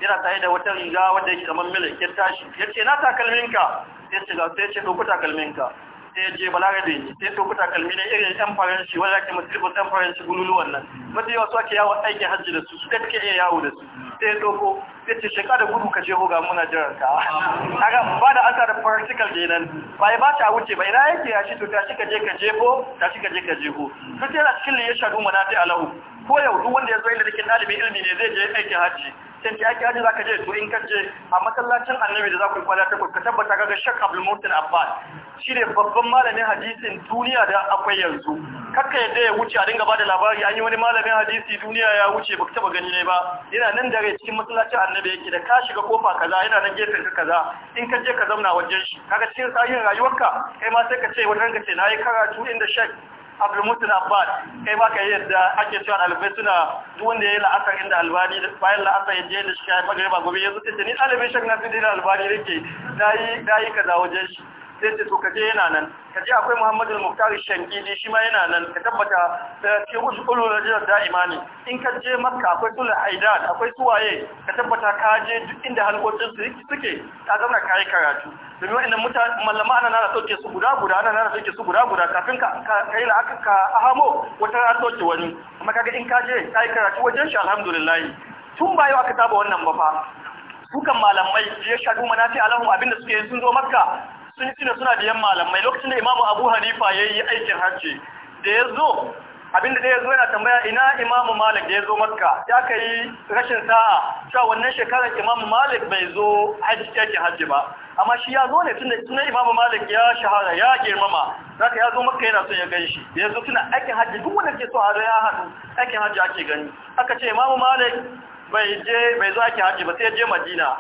yana tsaye da wata riga wanda yake kamar milik ya tashi ya ce na takalminka sai ce ga sai ya ce takalmin ka sai ya je da ne sai ɗauku takalmi ne irin yan faranshi wanda ake ribar yan faranshi bululuwan nan wanda yawa su ake yawon aikin hajji da su su gaske iya yawo da su sai doko ya ce shaka da gudu ka jeho ga muna jiran ka kaga ba da asa da da kenan ba ya bata wuce ba ina yake ya shi to ta ka je ka ko ta ka je ka jeho to sai la cikin ya shaɗu mana ta alahu ko yau duk wanda ya zo inda cikin ɗalibin ilimi ne zai je aikin hajji can ta yaki za ka je to in ka je a masallacin annabi da za ku yi kwana takwas ka tabbata kaga shak abdul muhsin abbas shi ne babban malamin hadisin duniya da akwai yanzu kakka yadda ya wuce a dinga bada labari an yi wani malamin hadisi duniya ya wuce ba baka taba gani ne ba yana nan da rai cikin masallacin annabi yake da ka shiga kofa kaza yana nan gefen ka kaza in ka je ka zauna wajen shi kaga cikin tsayin rayuwarka kai ma sai ka ce wani ranka ce na yi karatu inda shak abdulmutin abbas kai ba ka yi yadda ake cewa ɗalibai suna duk da ya yi la'asar inda albani bayan la'asar ya je da shi ya yi ba gobe ya zuce ce ni ɗalibin shan na da dina albani rike da yi ka wajen shi sai ce to kaje yana nan kaje akwai muhammadu muktar shankidi shi ma yana nan ka tabbata da ke wasu ƙulu na da'ima ne in ka je makka akwai sula haidad akwai suwaye ka tabbata ka je duk inda halkocin su suke ta zama kayi karatu domin wa'annan mutane mallama ana nana sauke su guda guda ana nana sauke su guda guda kafin ka kai la aka ka ahamo wata na sauke wani amma kaga in ka je kai karatu wajen shi alhamdulillah tun bayo aka saba wannan ba fa dukan malamai ya shaɗu manafi alahum abinda suke sun zo makka sun suna suna biyan malamai lokacin da imamu abu hanifa ya yi aikin hajji da ya zo abinda dai zo yana tambaya ina imamu malik da ya zo makka ya ka yi rashin sa'a cewa wannan shekarar imamu malik bai zo hajji yake hajji ba amma shi ya zo ne da tunda imamu malik ya shahara ya girmama zaka ya zo makka yana son ya gan shi da zo tuna aikin hajji duk wanda ke so a ya hadu aikin hajji ake gani aka ce imamu malik bai je bai zo aikin hajji ba sai ya je madina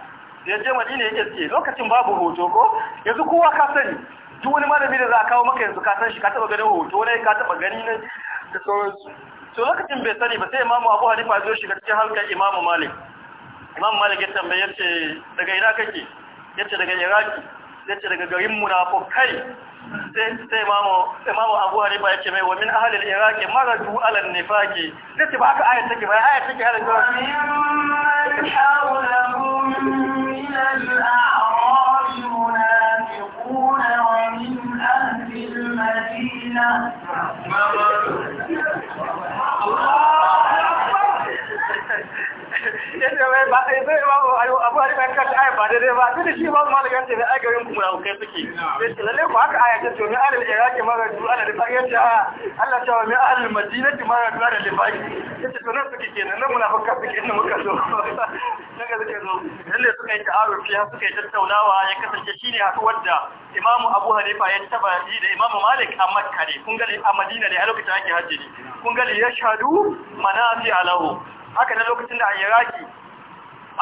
ya je madina ya ce lokacin babu hoto ko yanzu kowa ka sani duk wani malami da za a kawo maka yanzu ka san shi ka taɓa ganin hoto ne ka taɓa gani ne da sauransu to lokacin bai sani ba sai imamu abu hanifa zo shiga cikin halkar imamu malik imamu malik ya tambaye ya ce daga ina kake ya ce daga iraki ya ce daga garin kai sai imamu abu hanifa ya ce mai wamin ahalil iraki mara du'alan nifaki ya ce ba ka aya take ba aya take halin gawa Mama. ba a ba abu hari mai kanta ba daidai shi ba malamin ta ne ai garin mu na kai lalle haka aya ta ce iraki mara du alal faqiyati Allah ta wa min nan suke kenan nan suke inda muka so daga suka yi ta'arufi suka yi tattaunawa ya kasance shine hakuwar da Imam Abu ya taba yi da Imam Malik a Makka kun ga a Madina ne a lokacin ake hajji kun ga ya shadu manafi alahu haka na lokacin da a iraki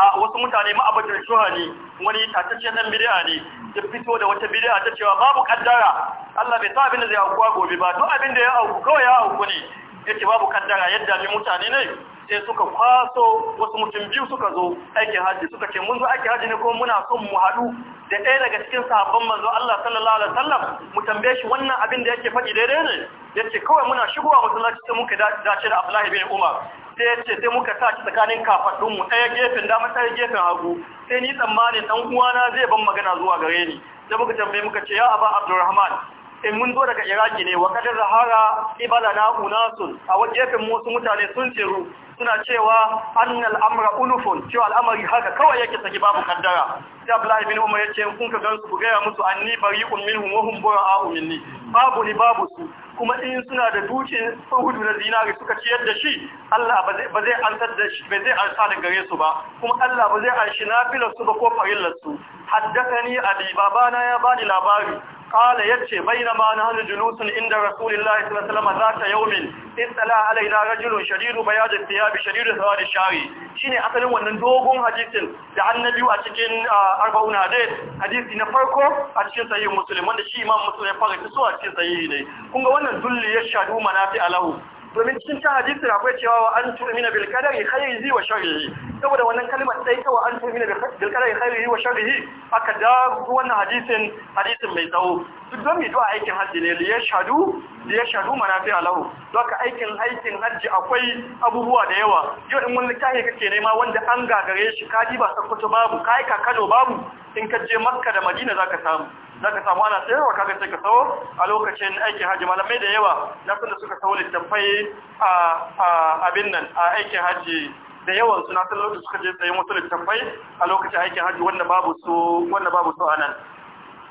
a wasu mutane ma'abatar shuha ne wani tataccen nan bidiya ne ya fito da wata bidiya ta cewa babu kaddara Allah bai sa abin da zai a gobe ba duk abin da ya auku kawai ya auku ne ce babu kaddara yadda mai mutane ne sai suka kwaso wasu mutum biyu suka zo aikin hajji suka ce mun zo aikin hajji ne kuma muna son mu haɗu da ɗaya daga cikin sahabban manzo Allah sallallahu alaihi wasallam mu tambaye shi wannan abin da yake faɗi daidai ne yace kawai muna shigowa masallaci sai muka dace da Abdullahi bin Umar sai ya ce sai muka sa shi tsakanin kafaɗinmu ɗaya gefen dama ɗaya gefen hagu sai ni tsammanin ɗan uwana zai ban magana zuwa gare ni sai muka tambaye muka ce ya aba abdurrahman in eh, mun zo daga iraki ne wa kadar zahara ibala na unasun a wajen gefen wasu mutane sun ceru suna cewa annal amra ulufun cewa al'amari haka kawai yake saki babu kaddara sai Abdullahi bin Umar yace kun ka gansu ku gaya musu anni min hu wa hum a babu ni babu su kuma in suna da dukin hudu na zinari suka ciyar da shi Allah ba zai an da shi ba zai ansa da gare su ba kuma Allah ba zai anshi nafilar su ba ko farillar su ni, abi babana ya bani labari kala ya ce bai na mana hannu hannun junusun inda rasulullah isa salama za ta yau min istala alaina rajulun shariru bai ya jinta ya bi shariru sawa da shari shi ne asalin wannan dogon hadisin da annabi a cikin arba'una dai hadisi na farko a cikin sayi musulman da shi imam musulman ya fara tasowa cikin sayi ne kunga wannan dulli ya shaɗu manafi alahu domin cikin ta hadisi akwai cewa wa an tu'mina bil qadari khairihi wa saboda wannan kalmar sai ta wa an tu'mina bil qadari wa aka da wannan hadisin hadisin mai tsawo duk don mai du'a aikin hajji ne li yashhadu li yashhadu alahu lahu aikin aikin hajji akwai abubuwa da yawa yau in wani kai kake nema wanda an gagare shi kadi ba sakkwato babu kai ka Kano babu in ka je Makka da Madina zaka samu za ka samu ana wa kaga sai ka sau a lokacin aikin hajji malamai da yawa na sun da suka sau littattafai a abin nan a aikin hajji da yawan suna sun lokacin suka je tsayin wasu littattafai a lokacin aikin haji wanda babu su wanda babu su a nan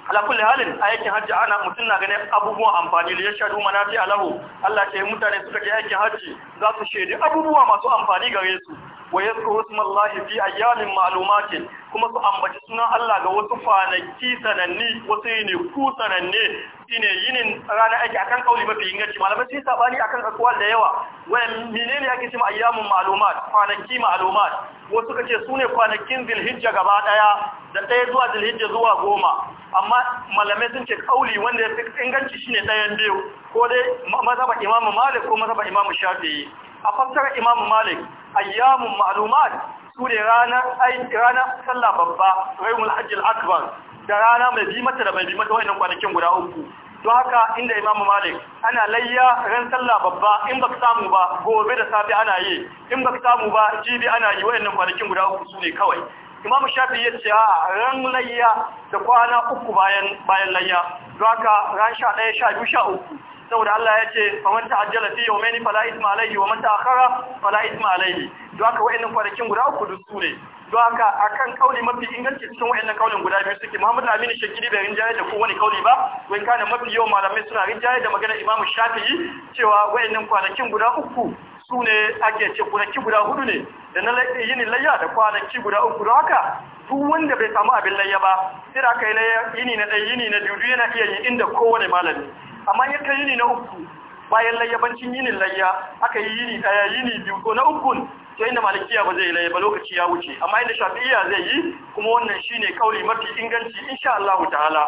ala halin aikin hajji ana mutum na ganin abubuwan amfani da ya shaɗu manafi alahu Allah ce mutane suka je aikin hajji za su shaidi abubuwa masu amfani gare su wa yadhkuru smallahi fi ayyamin ma'lumatin kuma su ambaci sunan Allah ga wasu kwanaki sananni wasu ne ku sananne shine yinin ranar aiki akan kauli mafi inganci malamai sun sabani akan akwal da yawa wayan menene ake cewa ayyamun ma'lumat kwanaki ma'lumat wasu kace sune kwanakin zulhijja gaba daya da daya zuwa zulhijja zuwa goma amma malamai sun ce kauli wanda ya fi inganci shine dayan biyu ko dai mazhaban imamu malik ko mazhaban imamu shafi'i a fassara imamu malik ayyamun ma'lumat su ne ranar ranar sallah babba hajjil akbar da rana mai bi mata da mai bi mata wayannan kwanakin guda uku to haka inda Imam Malik ana layya ran sallah babba in baka samu ba gobe da safe ana yi in baka samu ba jibi ana yi wayannan kwanakin guda uku su ne kawai Imam Shafi ya ce a ran layya da kwana uku bayan bayan layya to haka ran sha sha biyu, sha uku, saboda Allah ya ce fa man ta'ajjala fi yawmayni fala ithma alayhi wa man ta'akhara fala ithma alayhi don haka wayannan kwanakin guda uku su ne don haka kan kauli mafi inganci cikin wayannan kaulin guda biyu suke muhammadu Aminu Shakiri bai rinjaye da kowane kauli ba wai kana mafi yawan malamai suna rinjaye da maganar Imam Shafi'i cewa wayannan kwanakin guda uku su ne ake ce kwanaki guda hudu ne da na ni layya da kwanaki guda uku don haka duk wanda bai samu abin layya ba sai ka yi yini na ɗaya yini na biyu yana iya yi inda kowane malami amma ya kai yini na uku bayan layyabancin yinin layya aka yi yini ɗaya yini biyu ko na ukun to inda malikiya ba zai laye ba lokaci ya wuce amma inda shafi'iya zai yi kuma wannan shine kauli mafi inganci insha Allah ta'ala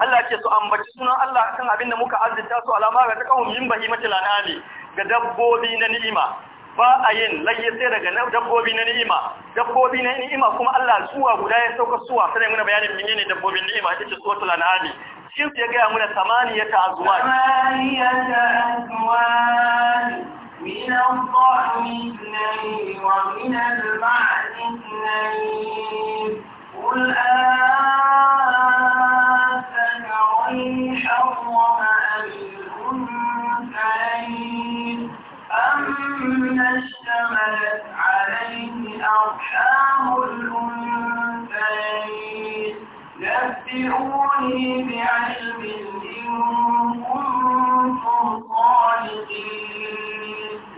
Allah ke so ambaci sunan Allah kan abin da muka azzinta su alama ga ta kawun min bahimatil anami ga dabbobi na ni'ima ba a yin laye sai daga dabbobi na ni'ima dabbobi na ni'ima kuma Allah suwa guda ya sauka suwa sai muna bayanin menene dabbobin ni'ima ita ce suratul anami shin sai ga muna samaniyata azwaj
samaniyata من الضأن اثنين ومن البعد اثنين قل أذكرين حرم أم الأنثيين أم اشتملت عليه أرحام الأنثيين نبئوني بعلم إن كنتم صادقين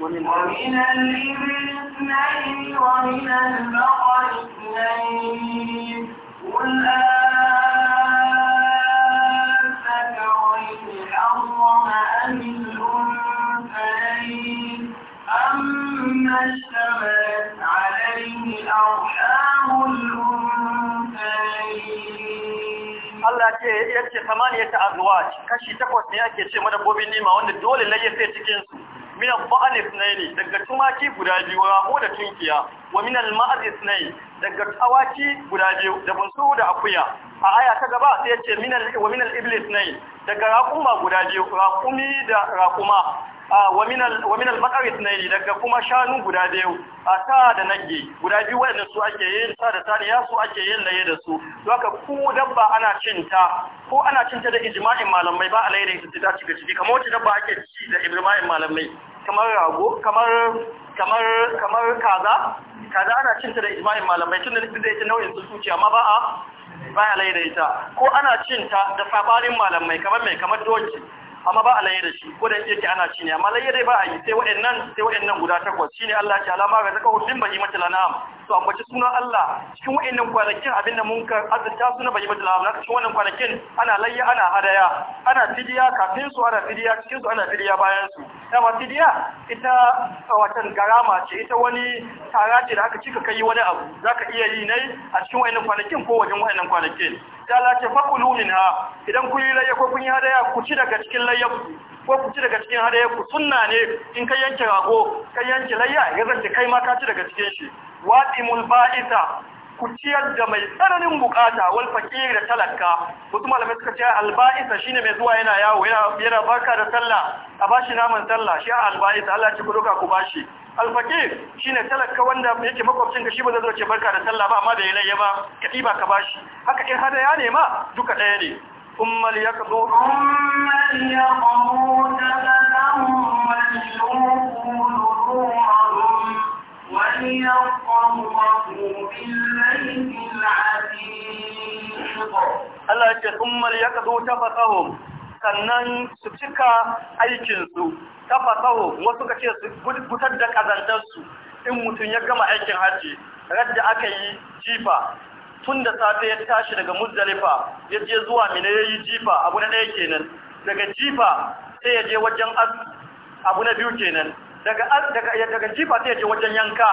ومن الإبل اثنين ومن البقر اثنين قل أذكرين حرم أم الأنثيين أما اشتملت عليه أرحام الأنثيين
Allah ce ya ce samaniyar ta azuwa kashi takwas ne ake ce madabobin nima wanda dole laye sai cikinsu min al-ba'al daga tumaki guda biyu ramo da tunkiya wa minan al-ma'az daga awaki guda biyu da bunsu da akuya a aya ta gaba sai ya ce minal wa minal iblis nai daga raƙuma guda biyu raƙumi da raƙuma wa minal makarit nai daga kuma shanu guda biyu a ta da nage guda biyu waɗanda su ake yin sa da saniya su ake yin laye da su haka ku dabba ana cinta ko ana cinta da ijma'in malamai ba a laye da ita ta cika ciki kamar wacce dabba ake ci da ijma'in malamai kamar rago kamar kamar kamar kaza kaza ana cinta da ijma'in malamai tunda nufin da yake nau'in su suci amma ba a baya laida ita ko ana cinta da sabanin malamai kamar mai kamar doki amma ba a laye da shi ko da yake ana shi ne amma laye dai ba a yi sai waɗannan sai waɗannan guda takwas shine Allah ta alama ga zaka hudin bai mata lanam to ambaci sunan Allah cikin waɗannan kwanakin abinda mun ka azurta suna bai mata lanam cikin wannan kwanakin ana laye ana hadaya ana fidiya kafin su ana fidiya cikin su ana fidiya bayan su dama fidiya ita watan garama ce ita wani tara ce da aka cika kai wani abu zaka iya yi nai a cikin waɗannan kwanakin ko wajen waɗannan kwanakin dala ce fakulu minha idan kun yi layya ko kun yi hadaya ku ci daga cikin layya ko ku ci daga cikin hadaya ku sunna ne in kai yanke rago kai yanke layya ya zance kai ma ka ci daga cikin shi waqimul ba'ita ku ciyar da mai tsananin bukata wal fakir da talaka wasu malamai suka ce alba'isa shine mai zuwa yana yawo yana barka da sallah a bashi naman sallah shi alba'isa Allah ya ci ku doka ku bashi shi ne talaka wanda yake makwabcin ka shi ba zai zo ce barka da sallah ba amma da yayi ba ka diba ka bashi haka in hadaya ne ma duka ɗaya ne umma liyaqdu
umma liyaqdu tadahum wa yuqulu
Allah ya ce, Ummal ya ka zo ta fasahun, sannan su cika aikinsu ta fasaho wasu ka ce su gutar da ƙazantarsu in mutum ya gama aikin hajji radda aka yi jifa tun da safe ya tashi daga muzdalifa ya je zuwa mina ya yi jifa abu na ɗaya kenan daga jifa sai ya je wajen abu na biyu kenan daga jifa sai ya je wajen yanka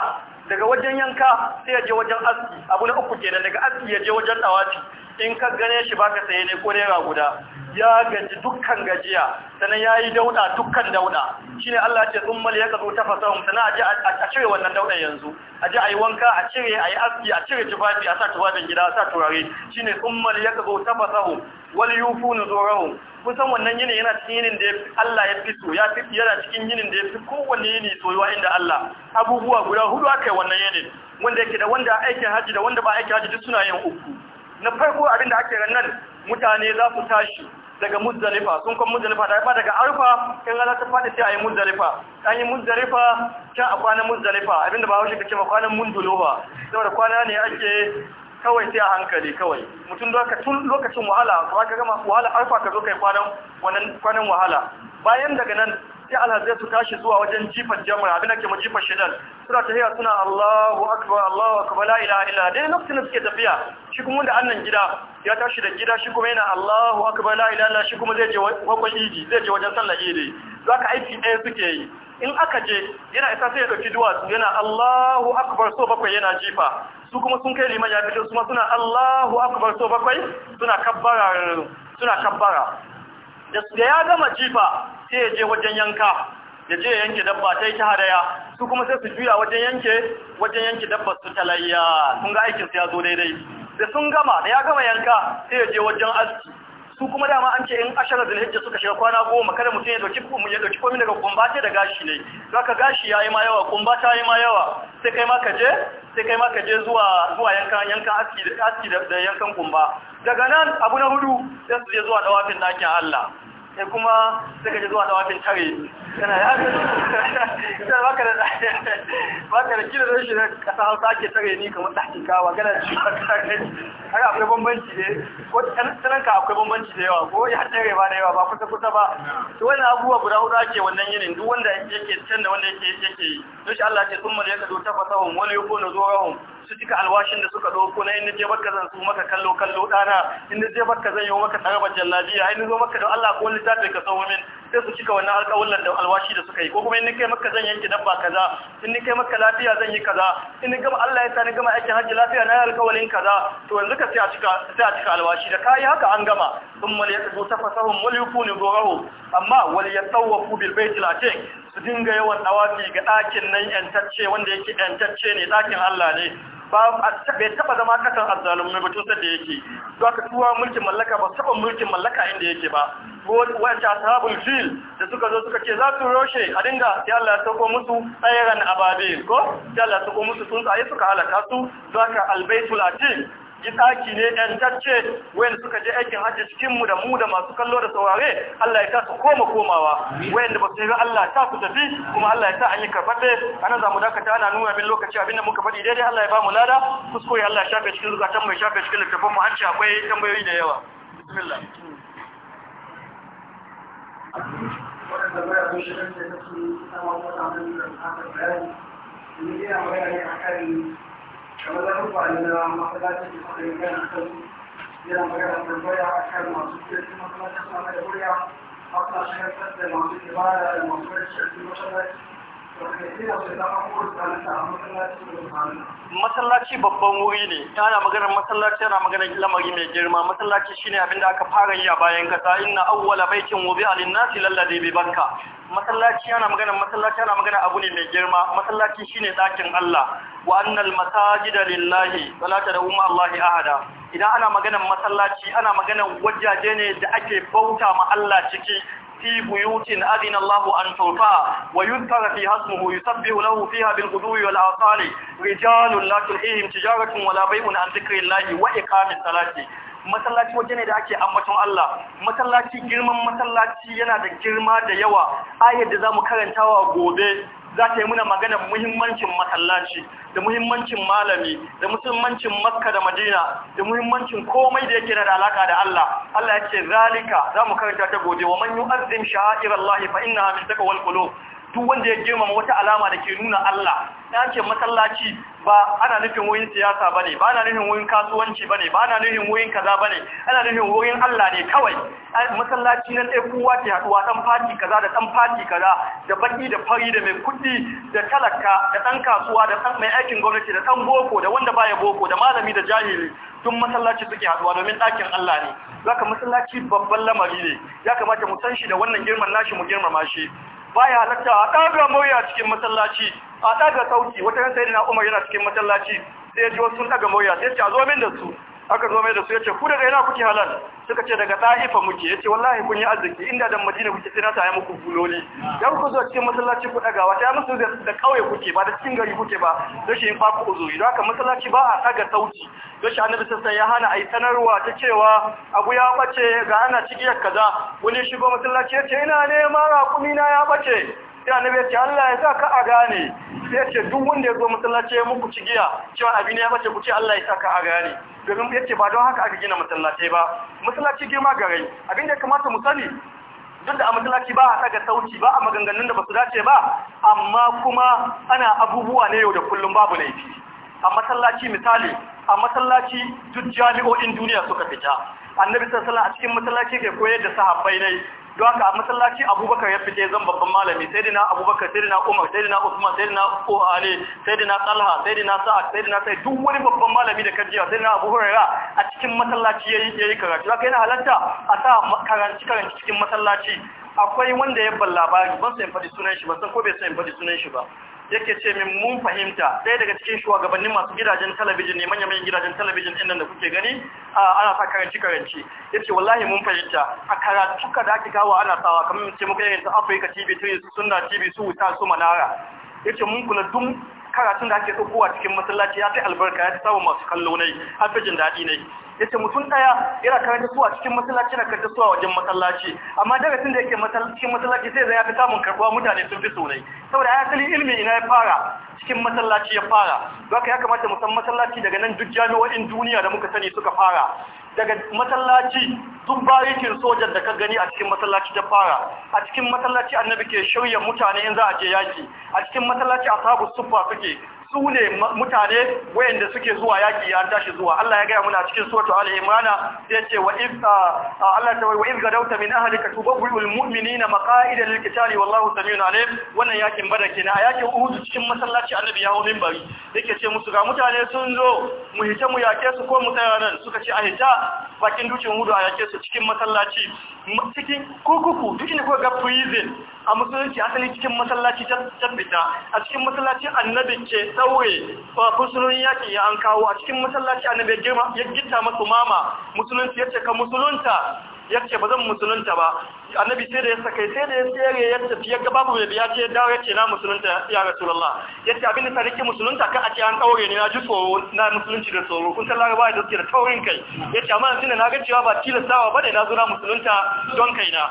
daga wajen yanka sai ya je wajen aski abu na uku kenan daga aski ya je wajen dawati in ka gane shi baka saye ne ko naira guda ya gaji dukkan gajiya sannan ya yi dauda dukkan dauda shine Allah Allah ce sun mali ya kazo ta fasahun sannan a je a cire wannan daudan yanzu a je a yi wanka a cire a yi aski a cire tufafi a sa tufafin gida a sa turare shine ne sun mali ya kazo ta fasahun wani yufu na zorahun kun san wannan yini yana cikin yinin da Allah ya fito ya fito yana cikin yinin da ya fito? kowanne yini soyuwa inda Allah abubuwa guda hudu aka yi wannan yinin wanda yake da wanda aikin haji da wanda ba aikin haji duk suna yin uku na farko abin da ake ranar mutane za su tashi daga muzdalifa sun kwan muzdalifa da ba daga arfa kan rana ta faɗi sai a yi muzdalifa an yi muzdalifa can a kwanan muzdalifa da ba haushe kake ma kwanan mundulo ba saboda kwana ne ake kawai sai a hankali kawai mutum doka tun lokacin wahala ba ka gama wahala arfa ka zo kai kwanan wannan kwanan wahala bayan daga nan sai alhazai su tashi zuwa wajen jifan jama'a abin da ke majifar shidan suna tafiya suna Allahu akbar Allahu akbar la ilaha illa dai lokacin da suke tafiya shi kuma da annan gida ya tashi da gida shi kuma yana Allahu akbar la ilaha illa shi kuma zai je wajen idi zai je wajen sallar idi zaka aiki ɗaya suke yi in aka je yana isa sai ya dauki duwatsu yana Allahu akbar so bakwai yana jifa su kuma sun kai liman ya fito su ma suna Allahu akbar so bakwai suna kabbara suna kabbara da ya gama jifa sai ya je wajen yanka ya je yanke dabba ta yi ta hadaya su kuma sai su juya wajen yanke wajen yanke dabba su talayya sun ga aikin su ya zo daidai da sun gama da ya gama yanka sai ya je wajen aski su kuma dama an ce in ashirar zulhijja suka shiga kwana goma kada mutum ya dauki ya dauki komai daga kumba da gashi ne zaka gashi yayi ma yawa kumba ta yi ma yawa sai kai ma ka je sai kai ma ka je zuwa zuwa yankan yankan aski da aski da yankan kumba daga nan abu na hudu sai su je zuwa dawafin dakin Allah sai kuma suka ji zuwa tawafin tare yana ya ta baka da <laughs> baka da kila rashin kasa hausa ake tare ni kamar ɗakin kawa gana da shi haka akwai bambanci ne ko ka akwai bambanci da yawa ko ya tare ba da yawa ba kusa kusa ba to wannan abubuwa guda hudu ake wannan yinin duk wanda yake can da wanda yake yake yi don shi Allah ya ce sun mu ne ka zo tafasahum wani yakunu zuwa su cika alwashin da suka dauko na inda je barka zan su maka kallo kallo dana inda je barka zan yi maka tsaraba jallabiya in zo maka da Allah ko littafi ka sawo min sai su cika wannan alƙawullan da alwashi da suka yi ko kuma inda kai maka zan yanki dabba kaza inda kai maka lafiya zan yi kaza in gama Allah ya sani gama aikin hajji lafiya na alƙawalin kaza to yanzu ka sai a cika sai a cika alwashi da kai haka an gama thumma liyaqdu tafasahum wal yufunu gurahu amma wal yatawafu bil baitil atiq su dinga yawan dawafi ga ɗakin nan yantacce wanda yake yantacce ne ɗakin Allah ne ba bai taba zama kasan azzalumai ba tun da yake zuwa ka tuwa mulkin mallaka ba taba mulkin mallaka inda yake ba a sabon fil da suka zo suka ce za su roshe a dinga ya Allah sauko musu tsayaran ababe ko ya Allah sauko musu tsuntsaye suka halaka su zaka albaitul atim ɗaki ne ‘yantacce wayanda suka je aikin hajji cikinmu da mu da masu kallo da saurare Allah ya sa koma komawa wayanda ba su yi Allah ta ku tafi kuma Allah ya ta an yi karfafe a nan za dakata ana nuna min lokaci abinda muka faɗi daidai Allah ya ba mu lada kuskure Allah ya shafe cikin zukatan mai shafe cikin littafin mu an akwai tambayoyi da yawa bismillah
kamar da kuma da masallacin da suka yi gani kan yana magana tambaya a kan masu kirkin masallacin sama da murya a kan shahararsa da masu ibada da masu rashin masallacin
masallaci babban wuri ne ana maganar masallaci ana maganar lamari mai girma masallaci shine abin da aka fara yi a bayan kasa inna awwala baitin wubi alinnasi lallade bi bakka masallaci ana maganar masallaci ana maganar abu ne mai girma masallaci shine dakin Allah wa annal masajida lillahi wala da ma Allahi ahada idan ana maganar masallaci ana maganar wajaje ne da ake bauta ma Allah ciki في بيوت أذن الله أن ترفع ويذكر في هزمه يسبه له فيها بالغدو والآصال رجال لا تلقيهم تجارة ولا بيء عن ذكر الله وإقام الصلاة masallaci waje ne da ake ambaton Allah masallaci girman masallaci yana da girma da yawa ayat da za mu karantawa gobe za ta yi muna magana muhimmancin masallaci da muhimmancin malami da muhimmancin makka da madina da muhimmancin komai da yake da alaka da Allah Allah ya ce zalika za mu karanta ta gobe wa man yu'azzim sha'airallahi fa innaha min taqwal qulub duk wanda ya girmama wata alama da ke nuna Allah ya ce masallaci ba ana nufin wurin siyasa bane ba ana nufin wurin kasuwanci bane ba ana nufin wurin kaza bane ana nufin wurin Allah ne kawai masallaci nan ɗai kuwa ke haɗuwa ɗan fati kaza da ɗan fati kaza da baki da fari da mai kuɗi da talaka da ɗan kasuwa da ɗan mai aikin gwamnati da ɗan boko da wanda baya boko da malami da jahili tun masallaci suke haɗuwa domin ɗakin Allah ne zaka masallaci babban lamari ne ya kamata mu san shi da wannan girman nashi mu girmama shi baya halatta a ɗaga moya cikin masallaci a ɗaga sauki wata ran sai na umar yana cikin masallaci sai ji wasu sun ɗaga murya sai ce zo min da su aka zo mai da su yace ku daga ina kuke halal suka ce daga Taifa muke yace wallahi kun yi arziki inda dan Madina kuke sai na ta yi muku buloli dan ku zo cikin masallaci ku daga wata su da kauye kuke ba da cikin gari kuke ba don shi in fa ku zo don haka masallaci ba a daga sauti don shi annabi sai ya hana ai sanarwa ta cewa abu ya bace ga ana cikiyar kaza wani shigo masallaci yace ina ne mara na ya bace sai annabi ya ce Allah ya sa ka a gane ya ce duk wanda ya zo masallaci ya muku cigiya cewa abin ya bace ku ce Allah ya sa ka a gane domin ya ce ba don haka aka gina masallaci ba masallaci girma gare, abin da ya kamata mu sani duk da a masallaci ba a daga sauci ba a maganganun da ba su dace ba amma kuma ana abubuwa ne yau da kullum babu laifi a masallaci misali a masallaci duk jami'o'in duniya suka fita annabi sallallahu alaihi wasallam a cikin masallaci ke koyar da sahabbai ne don haka a masallaci abubakar ya fice zan babban malami sai dina abubakar sai dina umar sai dina usman sai dina ali sai dina talha sai dina sa'ad sai dina sai duk wani babban malami da kan jiya sai dina abu huraira a cikin masallaci yayi yayi karatu haka yana halatta a sa karanci karanci cikin masallaci akwai wanda ya ban labari ban san faɗi sunan shi ba san ko bai san faɗi sunan shi ba yake ce min mun fahimta ɗaya daga cikin shugabannin masu gidajen talabijin ne manya-manyan gidajen talabijin inda da kuke gani ana sa karanci-karanci ya ce wallahi mun fahimta a karatuka da ake kawo ana sawa kamar ce muka yin ta afirka tv 3 su suna tv su wuta su manara ya ce mun kula dun karatun da ake ɗaukowa cikin masallaci ya ta albarka ya ta samun masu kallo nai har jin daɗi ne ya mutum ɗaya yana karanta su a cikin masallaci na karanta su a wajen masallaci amma darasin da yake cikin masallaci sai zai ya fi samun karɓuwa mutane sun fi sonai saboda a asali ilimi ina ya fara cikin masallaci ya fara don haka ya kamata mu san masallaci daga nan duk jami'o'in duniya da muka sani suka fara daga masallaci duk barikin sojan da ka gani a cikin masallaci ta fara a cikin masallaci annabi ke shirya mutane in za a je yaki a cikin masallaci ashabu suffa suke su ne mutane wayanda suke zuwa yaki ya tashi zuwa Allah ya gaya muna cikin suratul al imana sai ce wa iz Allah ta wa iz dauta min ahlika tubawwi'ul mu'minina maqa'ida lil-qitali wallahu samiyun alim wannan yakin bada kenan a yakin Uhud cikin masallaci Annabi ya hawo minbari yake ce musu ga mutane sun zo mu hita mu yake su ko mu tsaya nan suka ce a hita bakin dukin hudu a yake su cikin masallaci cikin kurkuku duk ne ko ga prison a musulunci asali cikin masallaci tabbita a cikin masallaci annabi ke a fursunonin yaƙi ya an kawo a cikin masallaci annabi ya gita masu mama musulunci ya ce ka musulunta ya ce ba zan musulunta ba annabi sai da ya sakai sai da ya tsere ya tafi ya gaba mu ya ce dawo ya ce na musulunta ya rasulullah ya ce abin da sarki musulunta ka a ce an kaure ne na ji tsoro na musulunci da tsoro kun san laraba da suke da taurin kai ya ce amma tunda na ga cewa ba tilastawa ne na zo na musulunta don na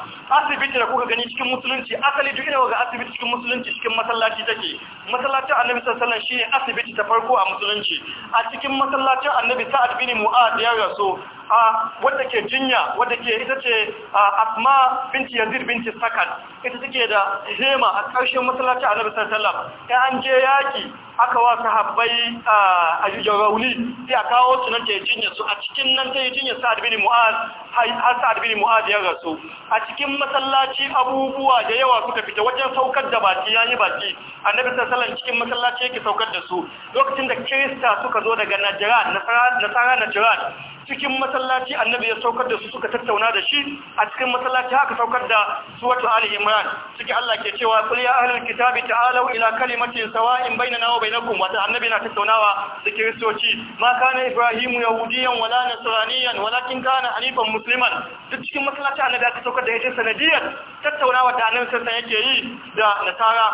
asibiti da kuka gani cikin musulunci asali duk ina ga asibiti cikin musulunci cikin masallaci take masallacin annabi sallallahu alaihi wasallam shine asibiti ta farko a musulunci a cikin masallacin annabi sa'ad bin mu'ad ya rasu a wadda ke jinya wadda ke ita ce asma binti yazid binti sakan ita take da hema a ƙarshen masallaci annabi sallallahu alaihi wasallam kai an je yaki aka wa sahabbai a rauni sai a kawo su nan ta cinye su a cikin nan ta cinye sa'ad bin mu'az har sa'ad bin mu'az ya rasu a cikin masallaci abubuwa da yawa suka fita wajen saukar da baki yayi baki annabi sallallahu alaihi cikin masallaci yake saukar da su lokacin da kirista suka zo daga najran nasara nasara najran cikin masallaci annabi ya saukar da su suka tattauna da shi a cikin masallaci haka saukar da su wata imran cikin Allah ke cewa qul ya kitabi ta'alu ila kalimatin sawa'in bainana wa bainakum Wata annabi na tattaunawa da kiristoci ma na ibrahimu yahudiyan wala nasraniyan walakin kana hanifan musliman duk cikin masallaci annabi aka saukar da yake sanadiyar tattaunawa da annabi sai yake yi da nasara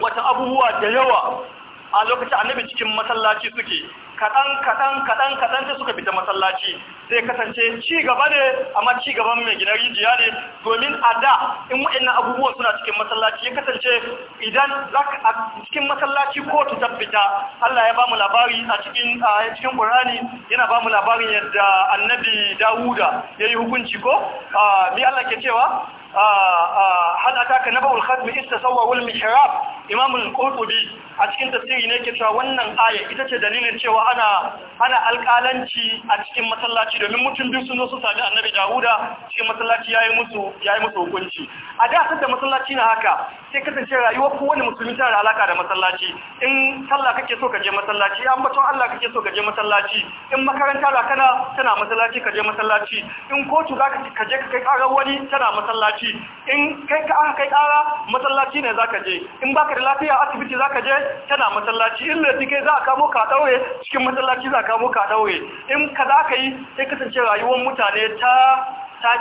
wata abubuwa da yawa a lokacin annabi cikin masallaci suke kaɗan kaɗan kaɗan kaɗan sai suka fita masallaci sai kasance ci gaba ne amma ci gaban mai gina rijiya ne domin a da in wa'annan abubuwan suna cikin masallaci ya kasance idan a cikin masallaci ko ta tabbita Allah ya ba labari a cikin cikin Qur'ani yana bamu labarin yadda annabi Dawuda ya yi hukunci ko? Mi Allah ke cewa hal ataka naba'ul khatmi istasawa wal mihrab imam al-qurtubi a cikin tafsiri ne yake cewa wannan aya ita ce dalilin cewa ana ana alƙalanci a cikin masallaci domin mutum biyu sun zo sun sami annabi Dawuda cikin masallaci yayi musu yayi musu hukunci a da sanda masallaci na haka sai kasance rayuwar kowane musulmi tana da alaka da masallaci in sallah kake so ka je masallaci an baton Allah kake so ka je masallaci in makaranta da kana tana masallaci ka je masallaci in kotu zaka ka je ka kai karar wani tana masallaci asibiti in kai ka aka kai kara masallaci ne zaka je in baka da lafiya asibiti zaka je tana masallaci in laifi kai za a kamo ka daure cikin masallaci za a kamo ka daure in ka za ka yi sai kasance rayuwar mutane ta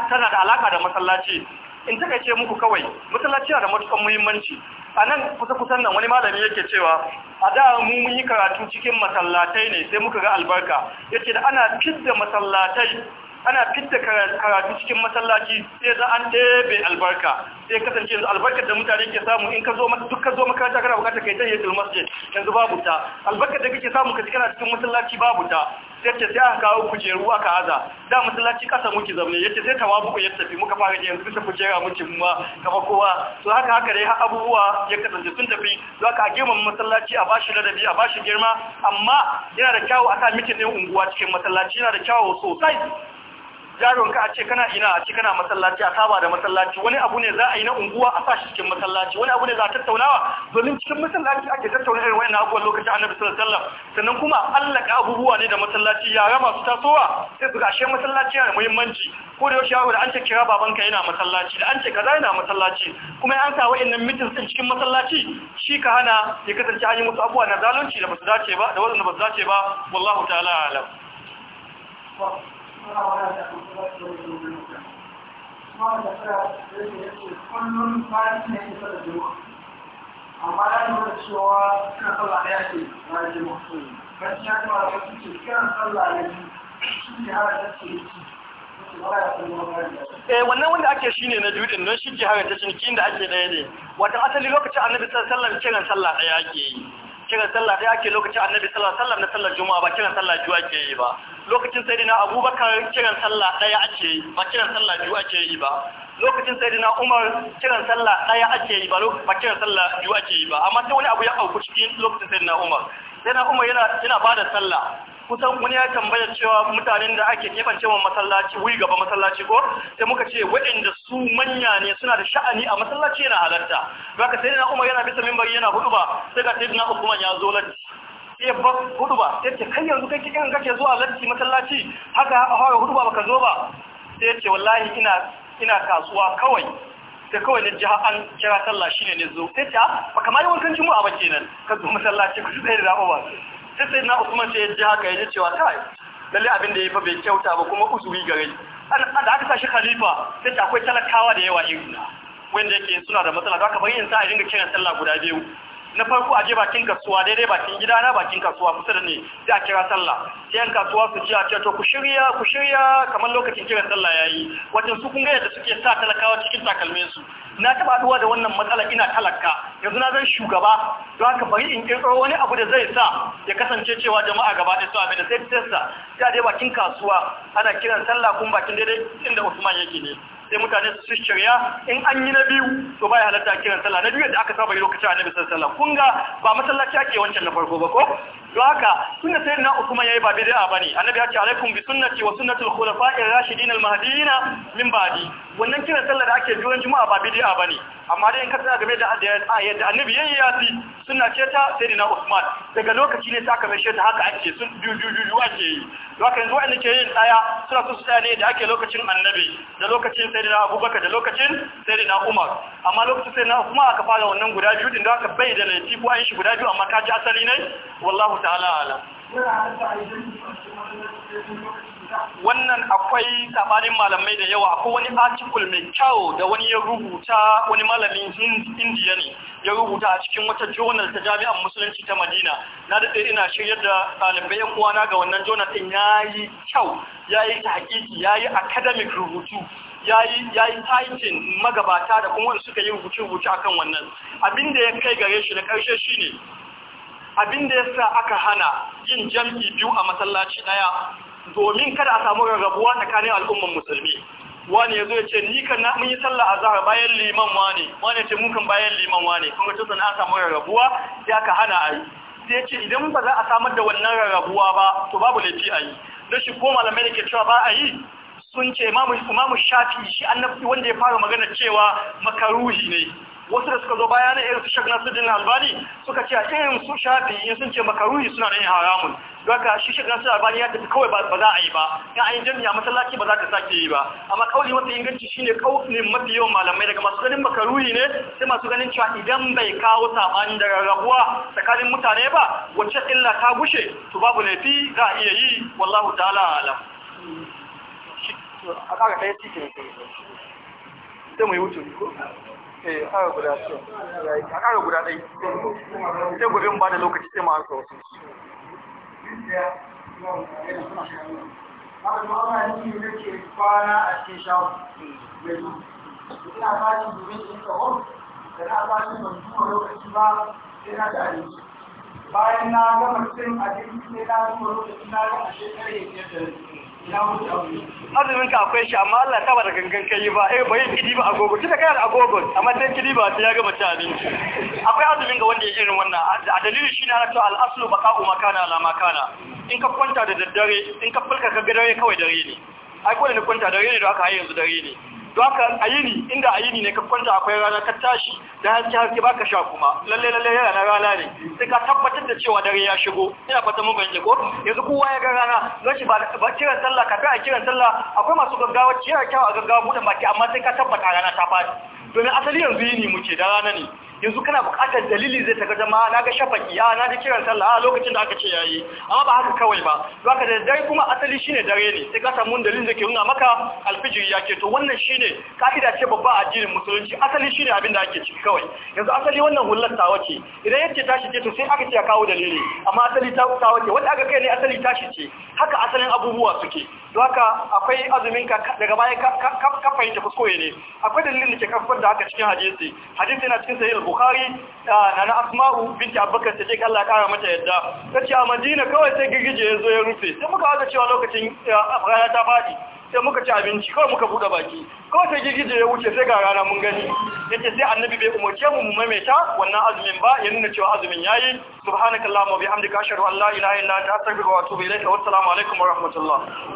tana da alaka da masallaci in taka ce muku kawai masallaci na da matukan muhimmanci a nan kusa kusan nan wani malami yake cewa a da mu mun yi karatu cikin masallatai ne sai muka ga albarka yace da ana fidda masallatai ana fitta karatu cikin masallaci sai za an ɗebe albarka sai kasance yanzu albarkar da mutane ke samu in ka zo duk ka zo makaranta kana bukatar kai tayyar da masjid yanzu babu ta albarkar da kake samu ka ji kana cikin masallaci babu ta sai ce sai aka kawo kujeru aka haza da masallaci kasa muke zaune yace sai tawabu ya tafi muka fara yanzu ta kujera muke kuma kafa kowa to haka haka dai abubuwa ya kasance sun tafi za ka gema masallaci a bashi ladabi a bashi girma amma yana da kyawu a sa mitin unguwa cikin masallaci yana da kyau sosai jarin ka a ce kana ina a ce kana masallaci a saba da masallaci wani abu ne za a yi na unguwa a sashi cikin masallaci wani abu ne za a tattaunawa domin cikin masallaci ake tattauna irin wayannan a lokacin annabi sallallahu alaihi wasallam sannan kuma allaka abubuwa ne da masallaci yara masu tasowa sai su gashe masallaci yana da muhimmanci ko da yaushe yaro da an ce kira babanka yana masallaci da an ce kaza yana masallaci kuma an sa wa'annan meetings din cikin masallaci shi ka hana ya kasance an yi musu abubuwa na zalunci da ba su dace ba da wanda ba su dace ba wallahu ta'ala alam
amma ya nuna cewa da kiran ne shi da
Eh wannan wanda ake shi ne na biyu don shi ke harata cinikin da ake ɗaya ne. Wata asali lokacin annabi sallallahu alaihi wasallam kiran sallah ɗaya ake yi. kiran sallah dai ake lokacin annabi sallallahu alaihi wasallam na sallar juma'a ba kiran sallah biyu ke yi ba lokacin sayyidina abubakar kiran sallah daya ake yi ba kiran sallah biyu ke yi ba lokacin sayyidina umar kiran sallah daya ake yi ba ba kiran sallah biyu ke yi ba amma sai wani abu ya auku cikin lokacin sayyidina umar sayyidina umar yana yana bada sallah kusan wani ya tambaya cewa mutanen da ake kebance wa masallaci wuri gaba masallaci ko sai muka ce waɗanda su manya ne suna da sha'ani a masallaci yana halarta baka sai na Umar yana bisa minbari yana hudu ba sai ka sai na kuma ya zo lati sai ba hudu ba sai ce kai yanzu kai kikin kake zuwa lati masallaci haka hawa hudu ba baka zo ba sai ce wallahi ina ina kasuwa kawai sai kawai na jiha an kira sallah shine ne zo sai ta ah, ba kamar yawan kan juma'a ba kenan ka zo masallaci ku sai da ba sai sai na hukumar sai ya ji haka ya ji cewa kai lalle abin da ya fa bai kyauta ba kuma usuri gare da aka sashi khalifa sai akwai talakawa da yawa na. wanda yake suna da matsala da aka in sa a dinga kiran sallah guda biyu na farko aje bakin kasuwa daidai bakin gida na bakin kasuwa kusa da ne sai a kira sallah sai yan kasuwa su ji a ce to ku shirya ku shirya kamar lokacin kiran sallah yayi wato su kun ga yadda suke sa talakawa cikin takalmin su na taba duwa da wannan matsala ina talaka yanzu na zan shugaba don haka bari in kirkiro wani abu da zai sa ya kasance cewa jama'a gaba ɗaya su abin da sai fitarsa sai a je bakin kasuwa ana kiran sallah kun bakin daidai inda Usman yake ne sai mutane su shirya in an yi na biyu to ya halatta kiran sallah na biyu da aka saba yi lokacin annabi sallallahu alaihi wasallam kun ga ba masallaci ake wancan na farko ba ko don haka sunna sai na Usman yayi ba bid'a bane annabi ya ce alaikum bi sunnati wa sunnati al-khulafa'ir rashidin al-mahdiyina min ba'di wannan kiran sallah da ake duran juma'a ba bid'a bane amma dai in ka tsaya game da yadda annabi yayi yafi sunna ce ta sayyidina Usman daga lokaci ne ta aka mai ta haka ake sun jujuju ake yi don haka yanzu wa'anda ke yin tsaya suna su tsaya ne da ake lokacin annabi da lokacin Sai na abubakar da lokacin sai na umar amma lokacin na kuma aka fara wannan guda biyu din da aka bai da laifi ko an shi guda biyu amma ka ji asali ne wallahu ta'ala ala wannan akwai sabanin malamai da yawa akwai wani artikul mai kyau da wani ya rubuta wani malamin indiya ne ya rubuta a cikin wata journal ta jami'an musulunci ta madina na daɗe ina shiryar da ɗalibai yan uwana ga wannan journal ɗin ya yi kyau ya yi ta hakiki ya yi academic rubutu yayi yayi taitin magabata da kuma wanda suka yi rubuce-rubuce akan wannan abin da ya kai gare shi na karshe shine abin da sa aka hana yin jam'i biyu a masallaci daya domin kada a samu rarrabuwa tsakanin al'umman musulmi wani ya zo ya ce ni kan mun yi sallah azhar bayan liman wani wani ce mun kan bayan liman wani kuma ga na a samu rarrabuwa sai aka hana a yi sai ce idan ba za a samar da wannan rarrabuwa ba to babu laifi a yi don shi ko malamai da ke cewa ba a yi sun ce imamu shafi shi annabi wanda ya fara magana cewa makaruhi ne wasu da suka zo baya na irin su shak nasiruddin albani suka ce a irin su shafi in sun ce makaruhi suna nan haramun daga shi shak nasiruddin albani ya tafi kawai ba za a yi ba in a yi jami'a masallaci ba za ka sake yi ba amma kauli mafi inganci ne kaulin mafi yawan malamai daga masu ganin makaruhi ne sai masu ganin cewa idan bai kawo sabani daga rabuwa tsakanin mutane ba wacce illa ta gushe to babu laifi za a iya yi wallahu ta'ala alam a sai mu yi ko eh, a guda sai mu ba da lokaci sai mu haka
ma ke kwana a domin da ban lokaci ba sai na bayan na gama cin abinci sai na zuwa lokaci na ga a shekarar
yake tsare. azumin ka akwai shi amma Allah ta bada gangan kai ba eh bai kidi ba agogo tunda kai da agogo amma dan kidi ba sai ya gama ci abinci akwai azumin ga wanda ya irin wannan a dalilin shi ne ana cewa al-aslu baqa'u makana la makana in ka kwanta da daddare in ka fulka ka ga kawai dare ne ai ko kwanta dare ne da aka yi yanzu dare ne don haka ayini inda ayini ne ka kwanta akwai rana ka tashi da haske haske baka sha kuma lalle lalle yana na rana ne sai ka tabbatar da cewa dare ya shigo ina fata mun bayyana ko yanzu kowa ya ga rana lokaci ba ba kiran sallah ka ga a kiran sallah akwai masu gaggawa ciya kyau a gaggawa buɗe maki amma sai ka tabbata rana ta fadi domin asali yanzu yi ne muke da rana ne yanzu kana bukatar dalili zai taga jama na ga shafaki a na ga kiran sallah a lokacin da aka ce yayi amma ba haka kawai ba to haka da dare kuma asali shine dare ne sai ka samu dalilin da ke nuna maka alfijiri ke to wannan shine kaida ce babba addinin musulunci asali shine abin da ake ciki kawai yanzu asali wannan hullar ta wace idan yake tashi ce to sai aka ce ya kawo dalili amma asali ta wace wanda aka kai ne asali tashi ce haka asalin abubuwa suke don haka akwai azumin ka daga baya ka fahimta fuskoye ne akwai dalilin da ke kafin da haka cikin hadisi hadisi yana cikin sahih bukhari na na asma'u binti abubakar sai Allah ya kara mata yadda ta ce a madina kawai sai girgije ya zo ya rufe sai muka haza cewa lokacin rana ta faɗi sai muka ci abinci kawai muka buɗe baki kawai sai girgije ya wuce sai ga rana mun gani yake sai annabi bai umarce mu mu maimaita wannan azumin ba ya nuna cewa azumin yayi subhanakallahumma wa bihamdika ashhadu an la ilaha illa anta astaghfiruka wa atubu ilaik wa assalamu alaikum wa rahmatullah